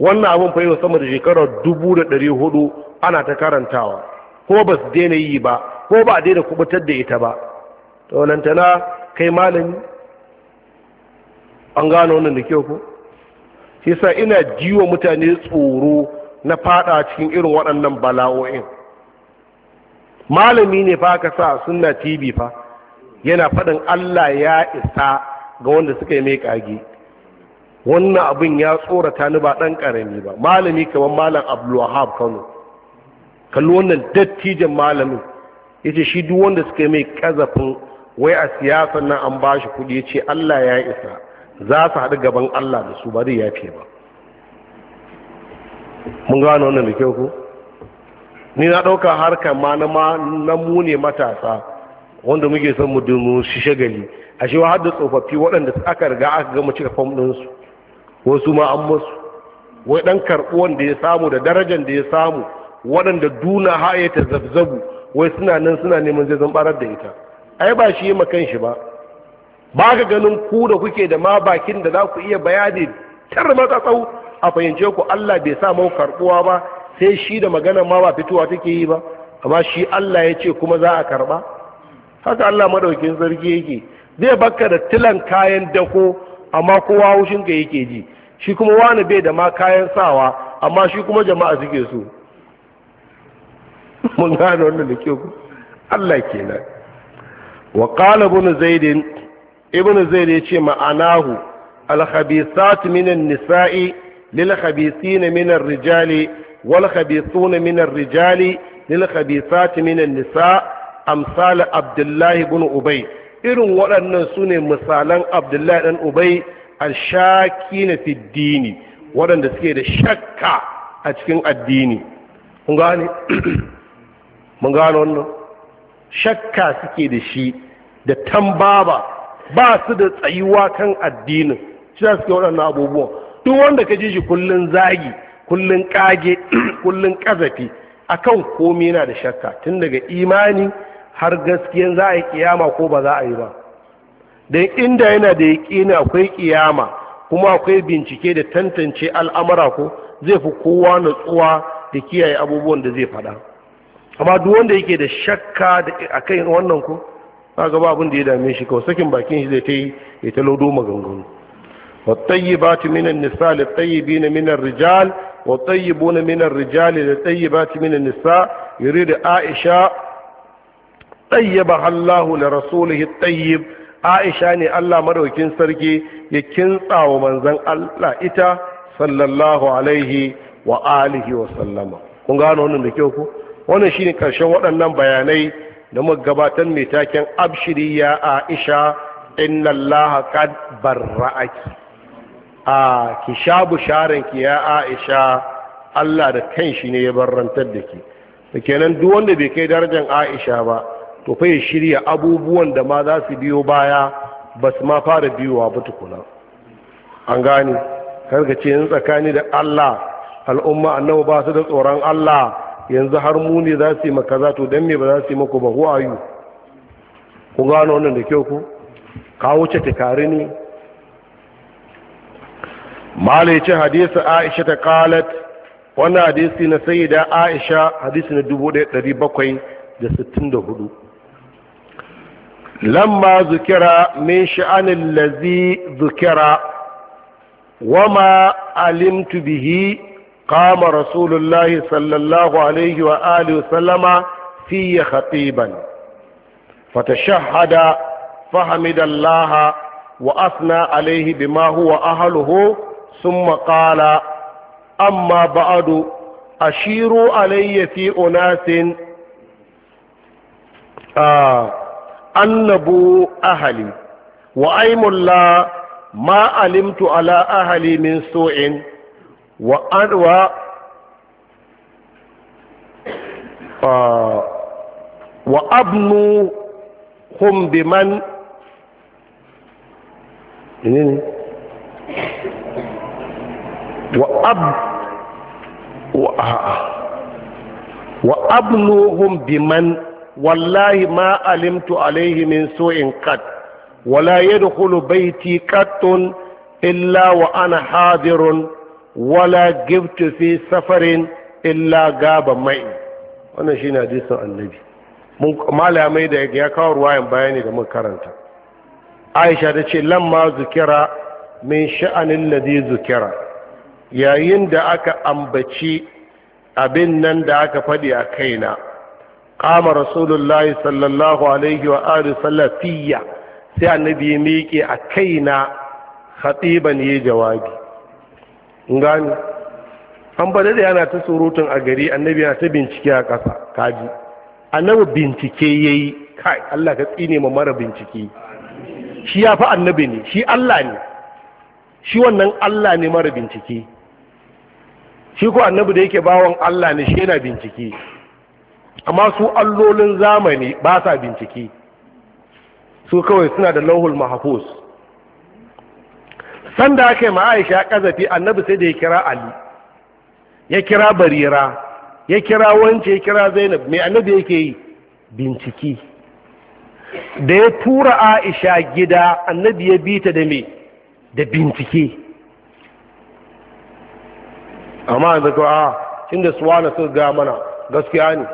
wannan abin fa yau sama da shekarar dubu da ɗari hudu ana ta karantawa ko ba su daina yi ba ko ba a daina kubutar da ita ba ta wanantana kai malami an gano wannan da kyau ko shi sa ina jiwa mutane tsoro na fada cikin irin waɗannan bala'o'in malami ne fa ka sa sunna tv fa yana faɗin allah ya isa ga wanda suka yi mai kage. wannan abin ya tsorata ni ba ɗan karami ba malami kamar malam abdulwahab kano kalli wannan dattijan malamin yace shi duk wanda suka yi mai ƙazafin wai a siyasa nan an bashi kudi kuɗi ya ce allah ya isa za su haɗu gaban allah da su ba zai yafe ba mun gano wannan da kyau ku ni na ɗauka harka ma na mu ne matasa wanda muke son mu dumu shi shagali a shi har da tsofaffi waɗanda aka riga aka gama cika fam ɗinsu wasu ma an wai ɗan karbuwan da ya samu da darajar da ya samu waɗanda duna haye ta zabzabu wai suna nan suna neman zai zambarar da ita ai ba shi yi makan shi ba ba ka ganin ku da kuke da ma bakin da za ku iya bayani tar mata tsau a fahimce ku Allah bai sa mau karbuwa ba sai shi da magana ma ba fitowa take yi ba amma shi Allah ya ce kuma za a karɓa haka Allah madaukin sarki yake zai bakka da tilan kayan dako amma kowa haushin ka yake ji shi kuma wani bai da ma kayan sawa amma shi kuma jama'a suke so (laughs) mun gane wannan da kyau Allah kenan wa qala ibn zaid ibn zaid yace ma'anahu al khabithat min an nisa'i lil khabithin min ar rijali wal khabithun min ar rijali lil khabithat min an nisa' amsal abdullah ibn ubay irin waɗannan su ne misalan abdullahi ɗan ubai alshaki na fiddini waɗanda suke da shakka a cikin addini mun gane (clears throat) mun gane wannan shakka suke da shi da tambaba ba su da tsayuwa kan addinin shi za su waɗannan abubuwan duk wanda ka ji shi kullun zagi kullun kage (clears throat) kullun kazafi akan komi na da shakka tun daga imani har gaskiyan za a yi kiyama ko ba za a yi ba don inda yana da yaƙini akwai kiyama kuma akwai bincike da tantance al'amara ko zai fi kowa natsuwa da kiyaye abubuwan da zai faɗa amma duk wanda yake da shakka a kan wannan ko ba gaba abin da ya dame shi kawai sakin bakin shi zai ta yi ya ta lodo maganganu والطيبات من النساء للطيبين من الرجال والطيبون من الرجال للطيبات من النساء يريد عائشة tsayyaba Allahu da rasulihi tayyib Aisha ne Allah madaukin sarki ya kintsa wa manzon Allah ita sallallahu alaihi wa alihi wa sallama kun gano wannan da kyau ku wannan shine karshen waɗannan bayanai da muka gabatar mai taken abshiri ya Aisha inna Allah qad barra'aki a ki sha bisharan ki ya Aisha Allah da kanshi ne ya barrantar da ki da kenan duk wanda bai kai darajar Aisha ba to fa ya shirya abubuwan da ma za su biyo baya ba su ma fara biyowa ba tukuna an gane karka ce yin tsakani da Allah al'umma annabu ba su da tsoron Allah yanzu har mu ne za su yi maka za to don me ba za su yi maku ba huwa yi ku gano wannan da kyau ku ka wuce tikari ne malai ce hadisi aisha ta kalat wannan hadisi na da aisha hadisi na hudu. لما ذكر من شأن الذي ذكر وما علمت به قام رسول الله صلى الله عليه وآله وسلم في خطيبا فتشهد فحمد الله وأثنى عليه بما هو أهله ثم قال أما بعد أشيروا علي في أناس آه annabu ahali wa aimulla ma alimtu ala ahali min su'in wa adwa uh, wa abnu hum biman ne wa ab wa abnuhum biman wallahi ma alimtu alaihi min su'in qat wala yadkhulu baiti qattun illa wa ana hadirun wala gibtu fi safarin illa gaba mai wannan shine hadisin annabi mun malamai da ya kawo ruwayan bayani da mun karanta aisha ta ce lamma zukira min sha'anin ladhi zukira yayin da aka ambaci abin nan da aka faɗi a kaina kama rasulullahi sallallahu alaihi wa alihi sallafiya sai annabi ya miƙe a kaina khatiban yayi jawabi ngani an bada da yana ta surutun a gari annabi yana ta bincike a ƙasa kaji annabi bincike yayi kai Allah ka tsine mu mara bincike shi ya fi annabi ne shi Allah ne shi wannan Allah ne mara bincike shi ko annabi da yake bawon Allah ne shi yana bincike amma su allolin zamani ba sa bincike su kawai suna da lauhul mahafuz sanda aka yi ma'aisha kazafi annabi sai da ya kira ali ya kira barira ya kira wance ya kira zainab mai annabi yake yi bincike da ya tura aisha gida annabi ya bita da me da bincike amma ah, da ko a inda suwana suka ga mana gaskiya ne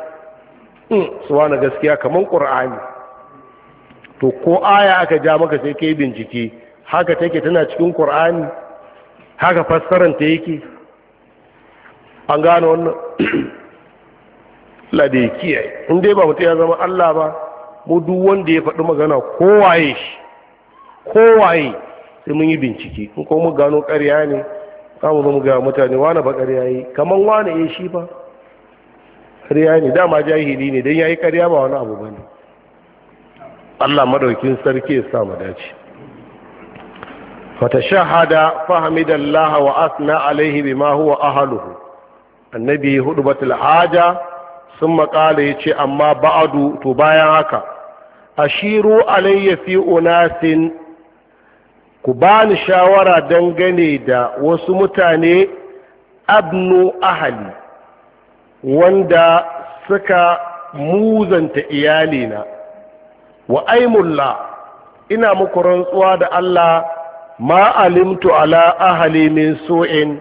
Mm, Suwa na gaskiya kamar ƙur'ani to ko aya aka ja maka sai ka yi bincike haka take tana cikin ƙura'ani haka fassaranta yake an gano wannan lade kiyaye in dai ba mutu ya zama allah ba mu duk wanda ya faɗi magana kowaye shi kowaye sai mun yi bincike in ko mu gano ƙarya ne za mu mu ga mutane wane ba ƙarya yi kamar wane ya shi ba ƙarya ne dama jahili ne don ya yi ƙarya ba wani abu ba ne allah madaukin sarki ya samu dace shahada fahimidallaha wa asna alaihi bima huwa ahaluhu annabi hudu batul haja sun makala ya ce amma ba'adu to bayan haka ashiru alayya fi unasin ku bani shawara dangane da wasu mutane abnu ahali wanda suka muzanta iyalina wa aimulla ina muku rantsuwa da Allah ma alimtu ala ahali min su'in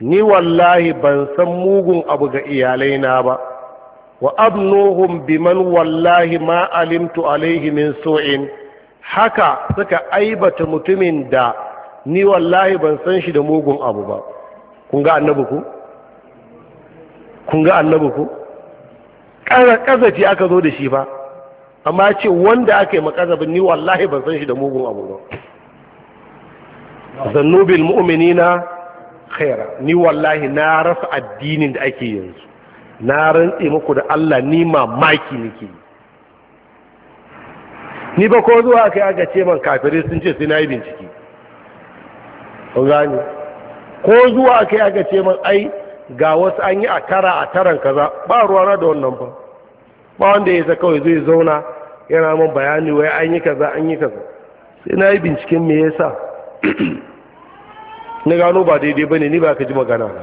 ni wallahi ban san mugun abu ga iyalaina ba wa abnuhum biman wallahi ma alimtu alaihi min su'in haka suka aibata mutumin da ni wallahi ban san shi da mugun abu ba kun ga annabi ku kun ga annabi ko ƙazafi aka zo da shi ba amma ce wanda aka yi makazabin ni wallahi ban san shi da mugun abu ba zannubil na khaira ni wallahi na rasa addinin da ake yanzu na rantse muku da Allah ni mamaki nake ni ba ko zuwa kai aka ce man kafirai sun ce sai na yi bincike gane ko zuwa kai aka ce man ai ga wasu an yi a tara a taran kaza ba ruwana da wannan ba ba wanda ya sa kawai zai zauna yana min bayani wai an yi kaza an yi kaza sai na yi binciken me sa. (clears throat) na gano ba daidai ba ne ni ba ka ji magana na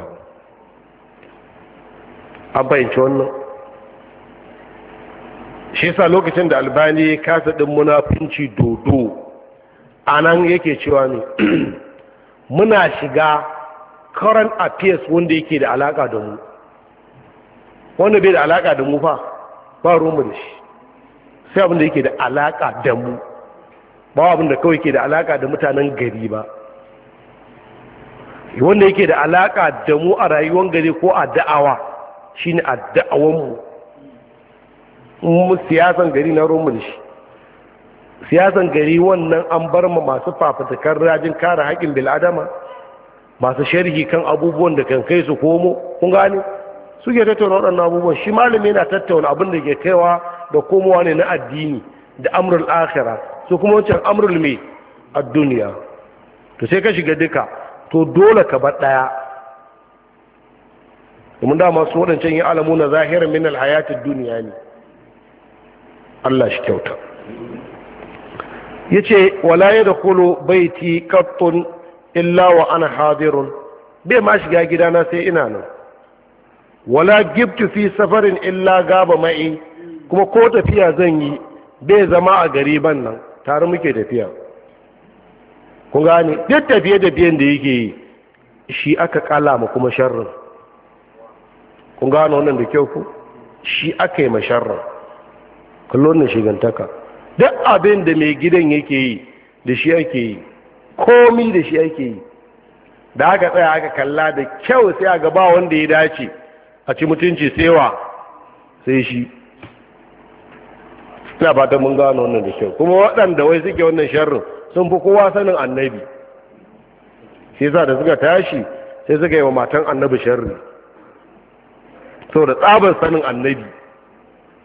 an bayanci wannan shi sa lokacin da albani ya kasa ɗin munafunci dodo a nan yake cewa ne (clears throat) muna shiga current appears wanda yake da alaka da mu wanda bai da alaka da mu fa ba ruwanmu da shi sai abin da yake da alaka da mu ba abin da kawai ke da alaka da mutanen gari ba wanda yake da alaka da mu a rayuwar gari ko a da'awa shine a da'awanmu mu siyasan gari na ruwanmu shi siyasan gari wannan an bar ma masu fafatakar rajin kare haƙƙin bil'adama masu sharhi kan abubuwan da kan kai su komo kun gane suke tattauna waɗannan abubuwan shi malami yana tattauna abin da ke kaiwa da komowa ne na addini da amrul akhira su kuma wancan amrul mai a duniya to sai ka shiga duka to dole ka bar ɗaya domin dama su waɗancan yi alamu na zahirin min alhayatin duniya ne Allah shi kyauta ya ce wala ya da kolo baiti kattun illa wa ana hadirun bai ma shiga gidana sai ina nan wala gibtu fi safarin illa gaba ma'i kuma ko tafiya zan yi bai zama a gari ban nan tare muke tafiya ku gane duk tafiye tafiyen da yake yi shi aka kala ma kuma sharrin ku gane wannan da kyau ku shi aka yi ma sharrin kallon na shigantaka duk abin da mai gidan yake yi da shi ake yi komi da shi ake yi da aka tsaya aka kalla da kyau sai a gaba wanda ya dace a ci mutunci sewa sai shi ina fata mun gano wannan da kyau kuma waɗanda wai suke wannan sharrin sun fi kowa sanin annabi sai sa da suka tashi sai suka yi wa matan annabi sharri sau da tsabar sanin annabi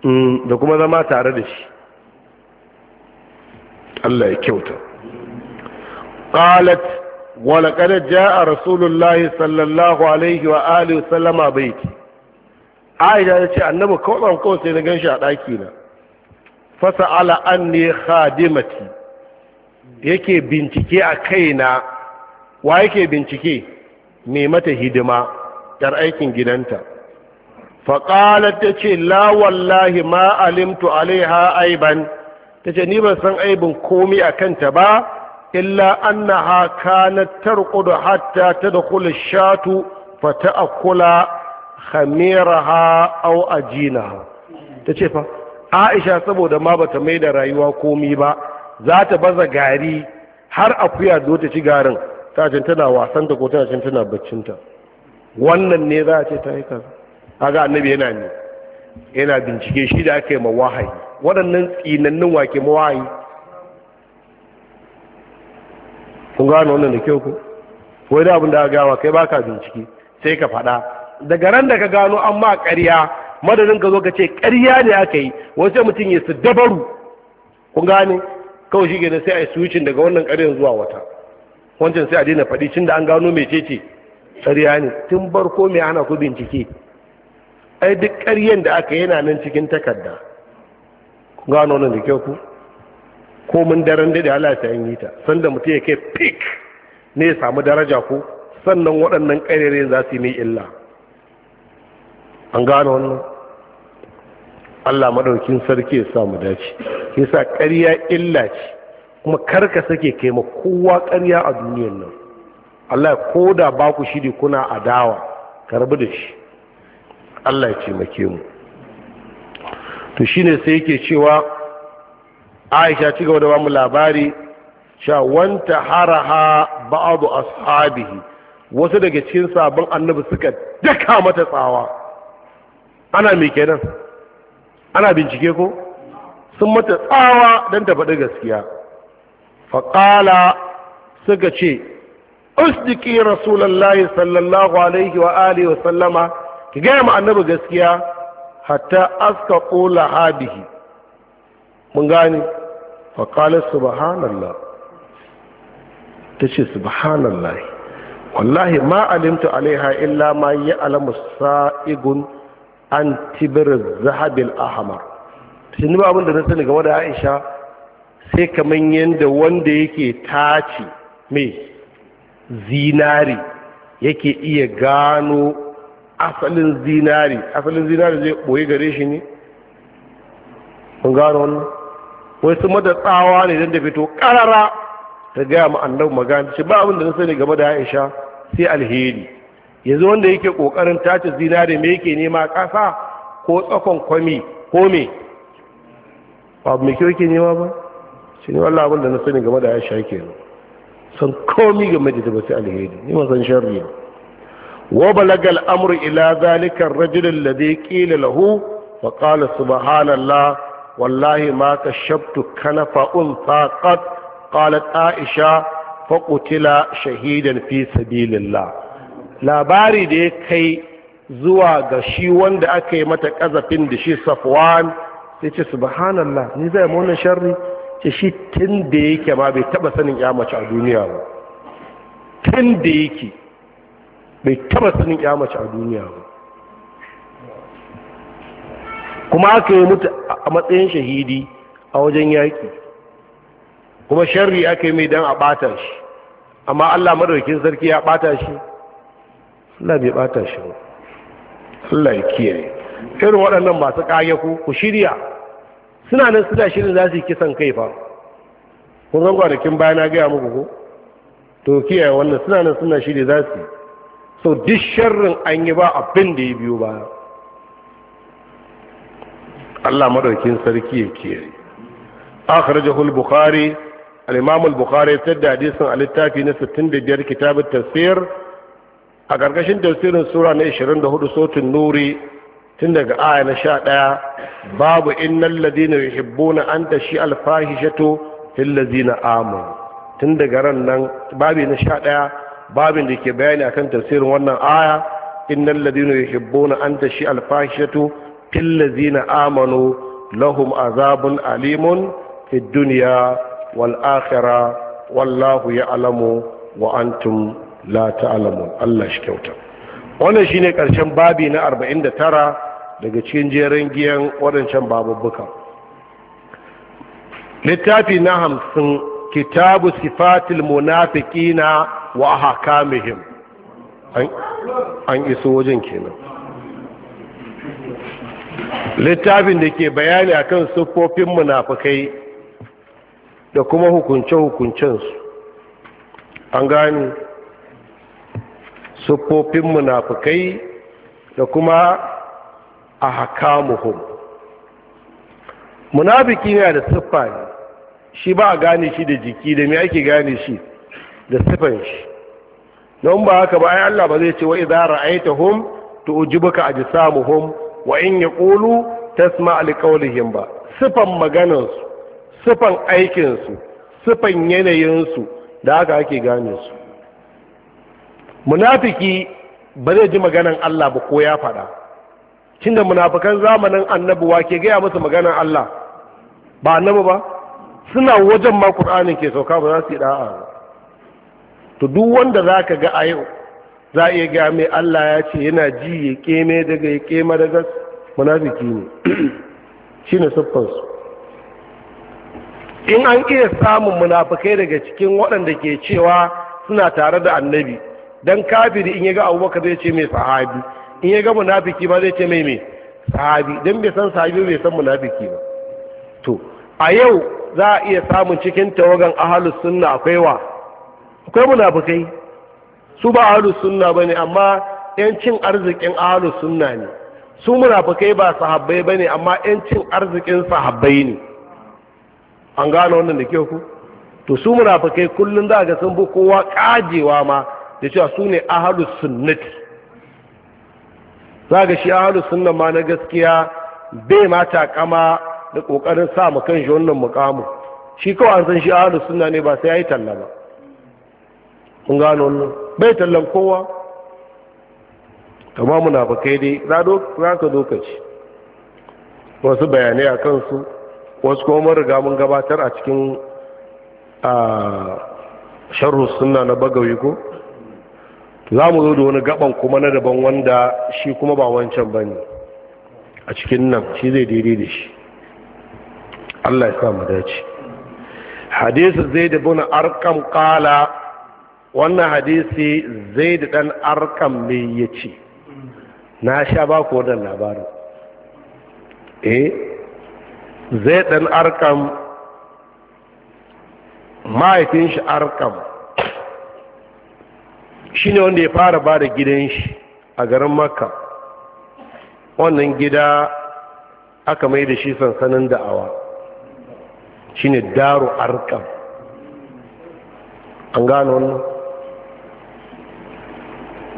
mm, da kuma zama tare da shi Allah ya kyauta qalat wa laqad jaa rasulullahi sallallahu alaihi wa alihi sallama baiti aisha ta ce annabi kawai kawai sai na ganshi a daki na fasa'ala anni khadimati yake bincike a kaina wa yake bincike mai mata hidima yar aikin gidanta faƙalar ta ce la wallahi ma alimtu alaiha aiban ta ce ni ban san aibin komai a kanta ba illa annaha kanat tarqudu hatta tadkhul ash-shatu fata'kula khamiraha aw ajinaha tace fa Aisha saboda ma bata mai da rayuwa komi ba za ta baza gari har akuya zo ci garin ta tana wasan ta ko tana jin tana baccin ta wannan ne za a ce ta yi kaza kaga annabi yana ne yana bincike shi da aka ma waɗannan tsinannin wake ma wahayi kun gano wannan da kyau ku wai da abin da ka gawa kai baka bincike sai ka faɗa daga ran da ka gano an ma ƙarya madadin ka zo ka ce ƙarya ne aka yi wasu mutum ya su dabaru kun gane kawai shi gane sai a yi daga wannan ƙaryar zuwa wata wancan sai a daina faɗi cin da an gano mai mecece ƙarya ne tun barko mai ana ku bincike ai duk ƙaryen da aka yana nan cikin takarda Kun gano wannan da kyau ku ko mun daren dade Allah ta yi ta sanda mutum yake kai pik ne ya samu daraja ko sannan waɗannan ƙarere za su yi mai illa an gano wannan Allah madaukin sarki ya sa mu dace sa ƙarya illa ce kuma karka sake kai ma kowa ƙarya a duniyar nan Allah ko da ba ku shiri kuna adawa karbi da shi Allah ya ce make mu to shine sai yake cewa aisha ci gaba da ba mu labari sha wanta haraha ba'adu ashabihi wasu daga cikin sabon annabi suka daka mata tsawa ana me kenan ana bincike ko sun mata tsawa don ta faɗi gaskiya faƙala suka ce usdiki rasulallah sallallahu alaihi wa alihi wa sallama ki gaya ma annabi gaskiya hatta aska ƙola habihi mun gane faƙalar subhanallah ta ce subhanallah wallahi ma alimtu alaiha illa ma yi alamu sa'igun an tibirin zahabil ahamar shi ni ba abin da na sani game da aisha sai kamar yadda wanda yake taci mai zinari yake iya gano asalin zinari asalin zinari zai ɓoye gare shi ne? kun wai su mada tsawa ne don da fito karara ta gaya ma annabi magana ce ba abin da na sani game da aisha sai alheri yanzu wanda yake kokarin tace zinare me yake nema kasa ko tsakon kwami ko me ba me kyau yake nema ba shi ne wallah abin da na sani game da aisha kenan san komi game da ba alheri ni ma san sharri wa balagal amru ila zalika ar-rajul alladhi qila lahu fa qala subhanallah wallahi ma ka shabtu kanafa unsa qat qalat aisha fa shahidan fi sabilillah labari da ya kai zuwa ga shi wanda aka yi mata ƙazafin da shi safwan sai ce subhanallah ni zai mu wannan sharri shi tun da yake ma bai taba sanin ya mace a duniya ba tun da yake bai taba sanin ya mace a duniya ba kuma aka yi mutu a matsayin shahidi a wajen yaƙi kuma sharri aka yi mai don a ɓata shi amma allah maɗaukin sarki ya ɓata shi allah bai ɓata shi ba allah ya kiyaye irin waɗannan masu ƙage ku ku shirya suna nan suna shirin za su yi kisan kai fa kun san kwanakin baya na gaya muku ko to kiyaye wannan suna nan suna shirya za su yi so duk sharrin an yi ba abin da ya biyo baya Allah madaukin sarki ya yi akhrajahu al-bukhari al-imam al-bukhari tadda tada hadisin a littafi na 65 kitab at-tafsir a gargashin tafsirin sura na 24 sotun nuri tun daga aya na 11 babu innal ladina yuhibbuna an tashi al-fahishatu fil ladina amanu tun daga ran nan babu na 11 babin da ke bayani akan tafsirin wannan aya innal ladina yuhibbuna an tashi al-fahishatu fillazina amanu lahum azabun alimun fi duniya wal akhira wallahu ya'lamu wa antum la ta'lamun Allah shi kyauta wannan shine karshen babi na 49 daga cikin jerin giyan wadancan babubuka littafi na hamsin kitabu sifatil munafiqina wa ahkamihim an iso wajen kenan littafin da ke bayani akan siffofin munafukai da kuma hukunce-hukuncensu an gani siffofin munafukai da kuma a muhum. munafiki ne da siffa ne shi ba a gane shi da jiki da mai ake gane shi da siffan shi don ba haka ba ai Allah ba zai ce wa idza ra'aytahum tu'jibuka ajsamuhum wa in ya ƙulu tasma alƙaulihim ba sifan maganansu sifan aikinsu sifan yanayinsu da haka ake gane su munafiki ba zai ji maganan Allah ba ko ya faɗa cinda munafikan zamanin annabuwa ke gaya musu maganan Allah ba annabu ba suna wajen ma ke sauka ba za su yi ɗa'a ba to duk wanda za ka ga a yau. za a iya gaya mai Allah ya ce yana ji ya keme daga ya kema daga munafiki ne (clears throat) shi ne siffansu in an iya samun munafikai daga cikin waɗanda ke cewa suna tare da annabi don kafiri in ya ga abubakar zai ce mai sahabi in ya ga munafiki ba zai ce mai mai sahabi don bai san sahabi bai san munafiki ba to a yau za a iya samun cikin tawagan ahalus sunna akwai wa akwai munafikai su ba ahlus sunna bane amma yancin cin arzikin ahlus sunna ne su munafikai ba sahabbai bane amma yancin cin arzikin sahabbai ne an gano wannan da ke ku to su munafikai kullun za ga sun bi kowa kajewa ma da cewa su ne ahlus sunnati za ga shi ahlus sunna ma na gaskiya bai ma takama da kokarin sa mu kan shi wannan mukamu shi kawai an san shi ahlus sunna ne ba sai yayi talla ba kun gano wannan bai tallan kowa kama kai dai za ka zo wasu bayanai a kansu wasu kuma riga mun gabatar a cikin sharhu suna na bagawi ko za mu zo da wani gaban kuma na daban wanda shi kuma ba wancan ba ne a cikin nan shi zai daidai da shi Allah ya sa mu dace hadisi zai da buna arkam kala wannan hadisi zai da ɗan arkan mai ya ce na sha ba ku wannan labarin eh zai ɗan arkan mahaifin shi arkan shi ne wanda ya fara ba da gidan shi a garin makka wannan gida aka mai da shi sansanin da'awa shi ne daru arkan an gano wannan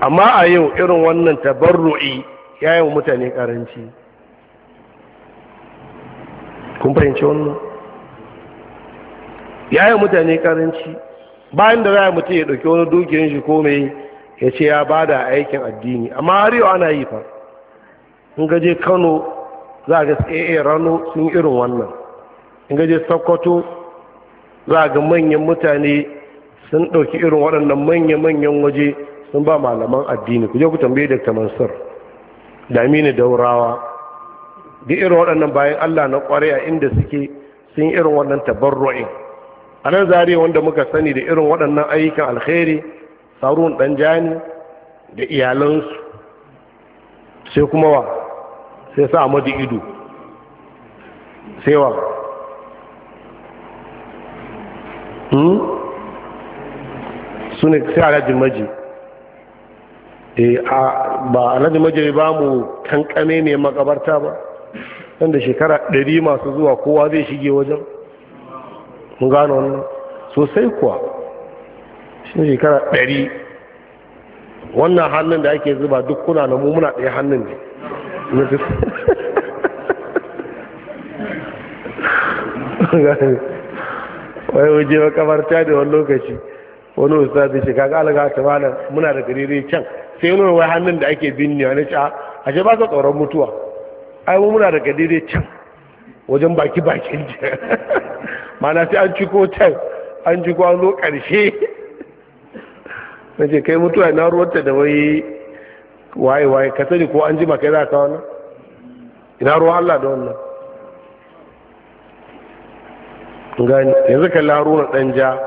amma a yau irin wannan tabarru'i ya yi wa mutane karanci kun fahimci wannan ya yi mutane karanci bayan da za a mutu ya ɗauki wani dukiyar shi ko mai ya ce ya bada aikin addini amma har yau ana yi fa in gaje kano za a ga tsaye rano sun irin wannan in gaje sokoto za a ga manyan mutane sun ɗauki irin waɗannan manya-manyan waje sun ba malaman addini ku je ku tambaye da Mansur da Aminu Daurawa da irin waɗannan bayan Allah na ƙwarai a inda suke sun irin wannan tabarroin. a nan zari wanda muka sani da irin waɗannan ayyukan alkhairi ɗan jani da iyalansu sai kuma wa sai sa amadu ido sai wa hmm? su ne sai rajin maji Eh, ba alhaji majiri ba mu kankame mai makabarta ba nan da shekara ɗari masu zuwa kowa zai shige wajen mun gano wannan sosai kuwa shi shekara ɗari wannan hannun da ake zuba duk kuna na mu muna ɗaya hannun ne wai waje makabarta da wani lokaci wani ustazi shi kaga alaga ta malam muna da gariri can sai yi wai hannun da ake binne wani ca, a ce ba ka tsoron mutuwa ai mu muna gade daidai can wajen baki bakin ji (laughs) mana sai an ciko can an ciko an zo ƙarshe na ce kai mutuwa na ruwanta da wai waye waye ka sani ko an ji kai za ka wannan ina ruwa Allah da wannan gani yanzu kan laruna ja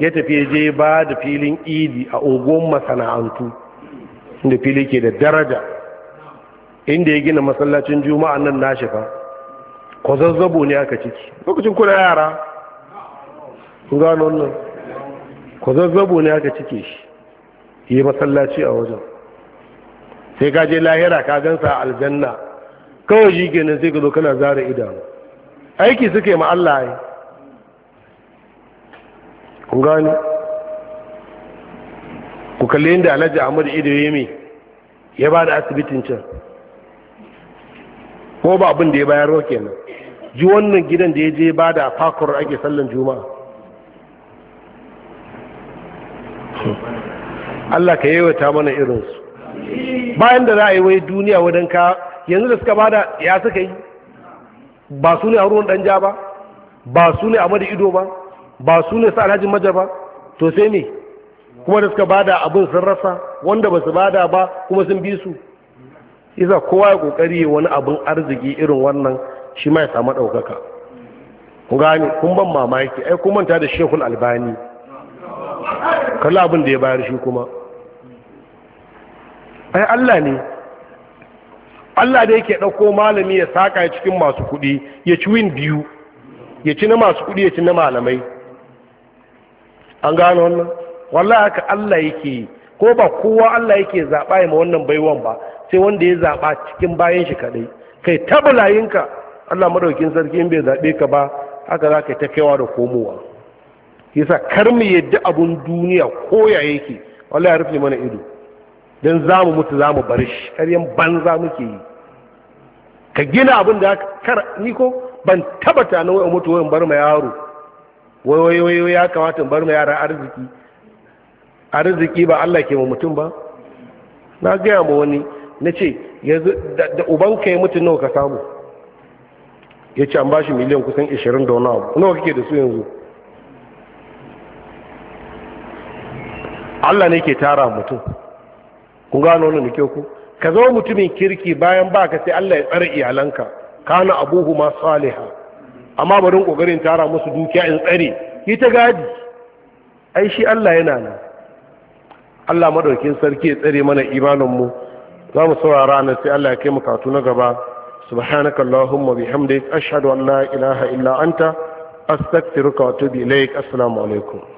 ya tafi je ba da filin idi a ogon masana'antu inda fili ke da daraja inda ya gina masallacin juma'a nan nashi fa zazzabo ne aka ciki lokacin kuna yara ku gano wannan zazzabo ne aka cike shi yi masallaci a wajen sai ka je lahira ka gansa a aljanna kawai shi nan sai ka zo kana zara idanu aiki suke ma Allah ya kun gano ku kalli yadda alhaji ahmadu ido ya mai ya ba da asibitin can ko ba abin da ya bayar wa kenan ji wannan gidan da ya je ba da fakur ake sallan juma'a Allah ka yawata mana irinsu bayan da za a yi wai duniya wadon ka yanzu da suka ba da ya suka yi ba su ne haruwan danja ba ba su ne amadu ido ba ba su ne sa Alhaji Maja ba to sai ne kuma da suka bada abin sun rasa wanda ba su bada ba kuma sun bi su Iza kowa ya kokari wani abin arziki irin wannan shi ma ya samu ɗaukaka ku gane kun ban mamaki ai kun manta da shekul albani kalla abin da ya bayar shi kuma ai allah ne allah da yake ɗauko malami ya saka cikin masu kuɗi ya ci win biyu ya ci na masu kuɗi ya ci na malamai an gane wannan wallahi haka Allah yake yi ko ba kowa Allah yake zaɓa ya ma wannan baiwan ba sai wanda ya zaɓa cikin bayan shi kaɗai kai tabulayinka Allah madaukin sarki in bai zaɓe ka ba haka za ka ta kaiwa da komowa yasa kar mu yadda abun duniya koya yake wallahi ya rufe mana ido don za mu mutu za mu bar shi ƙaryan banza muke yi ka gina abin da kar ni ko ban tabata na wai mutu wai bar ma yaro wai wai wai ya kamata in bar ma yara arziki arziki ba Allah ke mutum ba na gaya ma wani na ce da da ubanka ya mutu nawa ka samu ya ce an bashi miliyan kusan 20 da wani abu nawa kake da su yanzu Allah ne ke tara mutum kun gano wani da ku ka zama mutumin kirki bayan baka sai Allah ya tsara iyalanka kana ma saliha amma barin kokarin tara musu dukiya in tsare yi ta gadi ai shi Allah yana nan Allah madaukin sarki ya tsare mana imanin mu za mu saurara na sai Allah ya kai mu katu na gaba subhanaka allahumma bihamdik ashhadu an la ilaha illa anta astaghfiruka wa atubu ilaik assalamu alaikum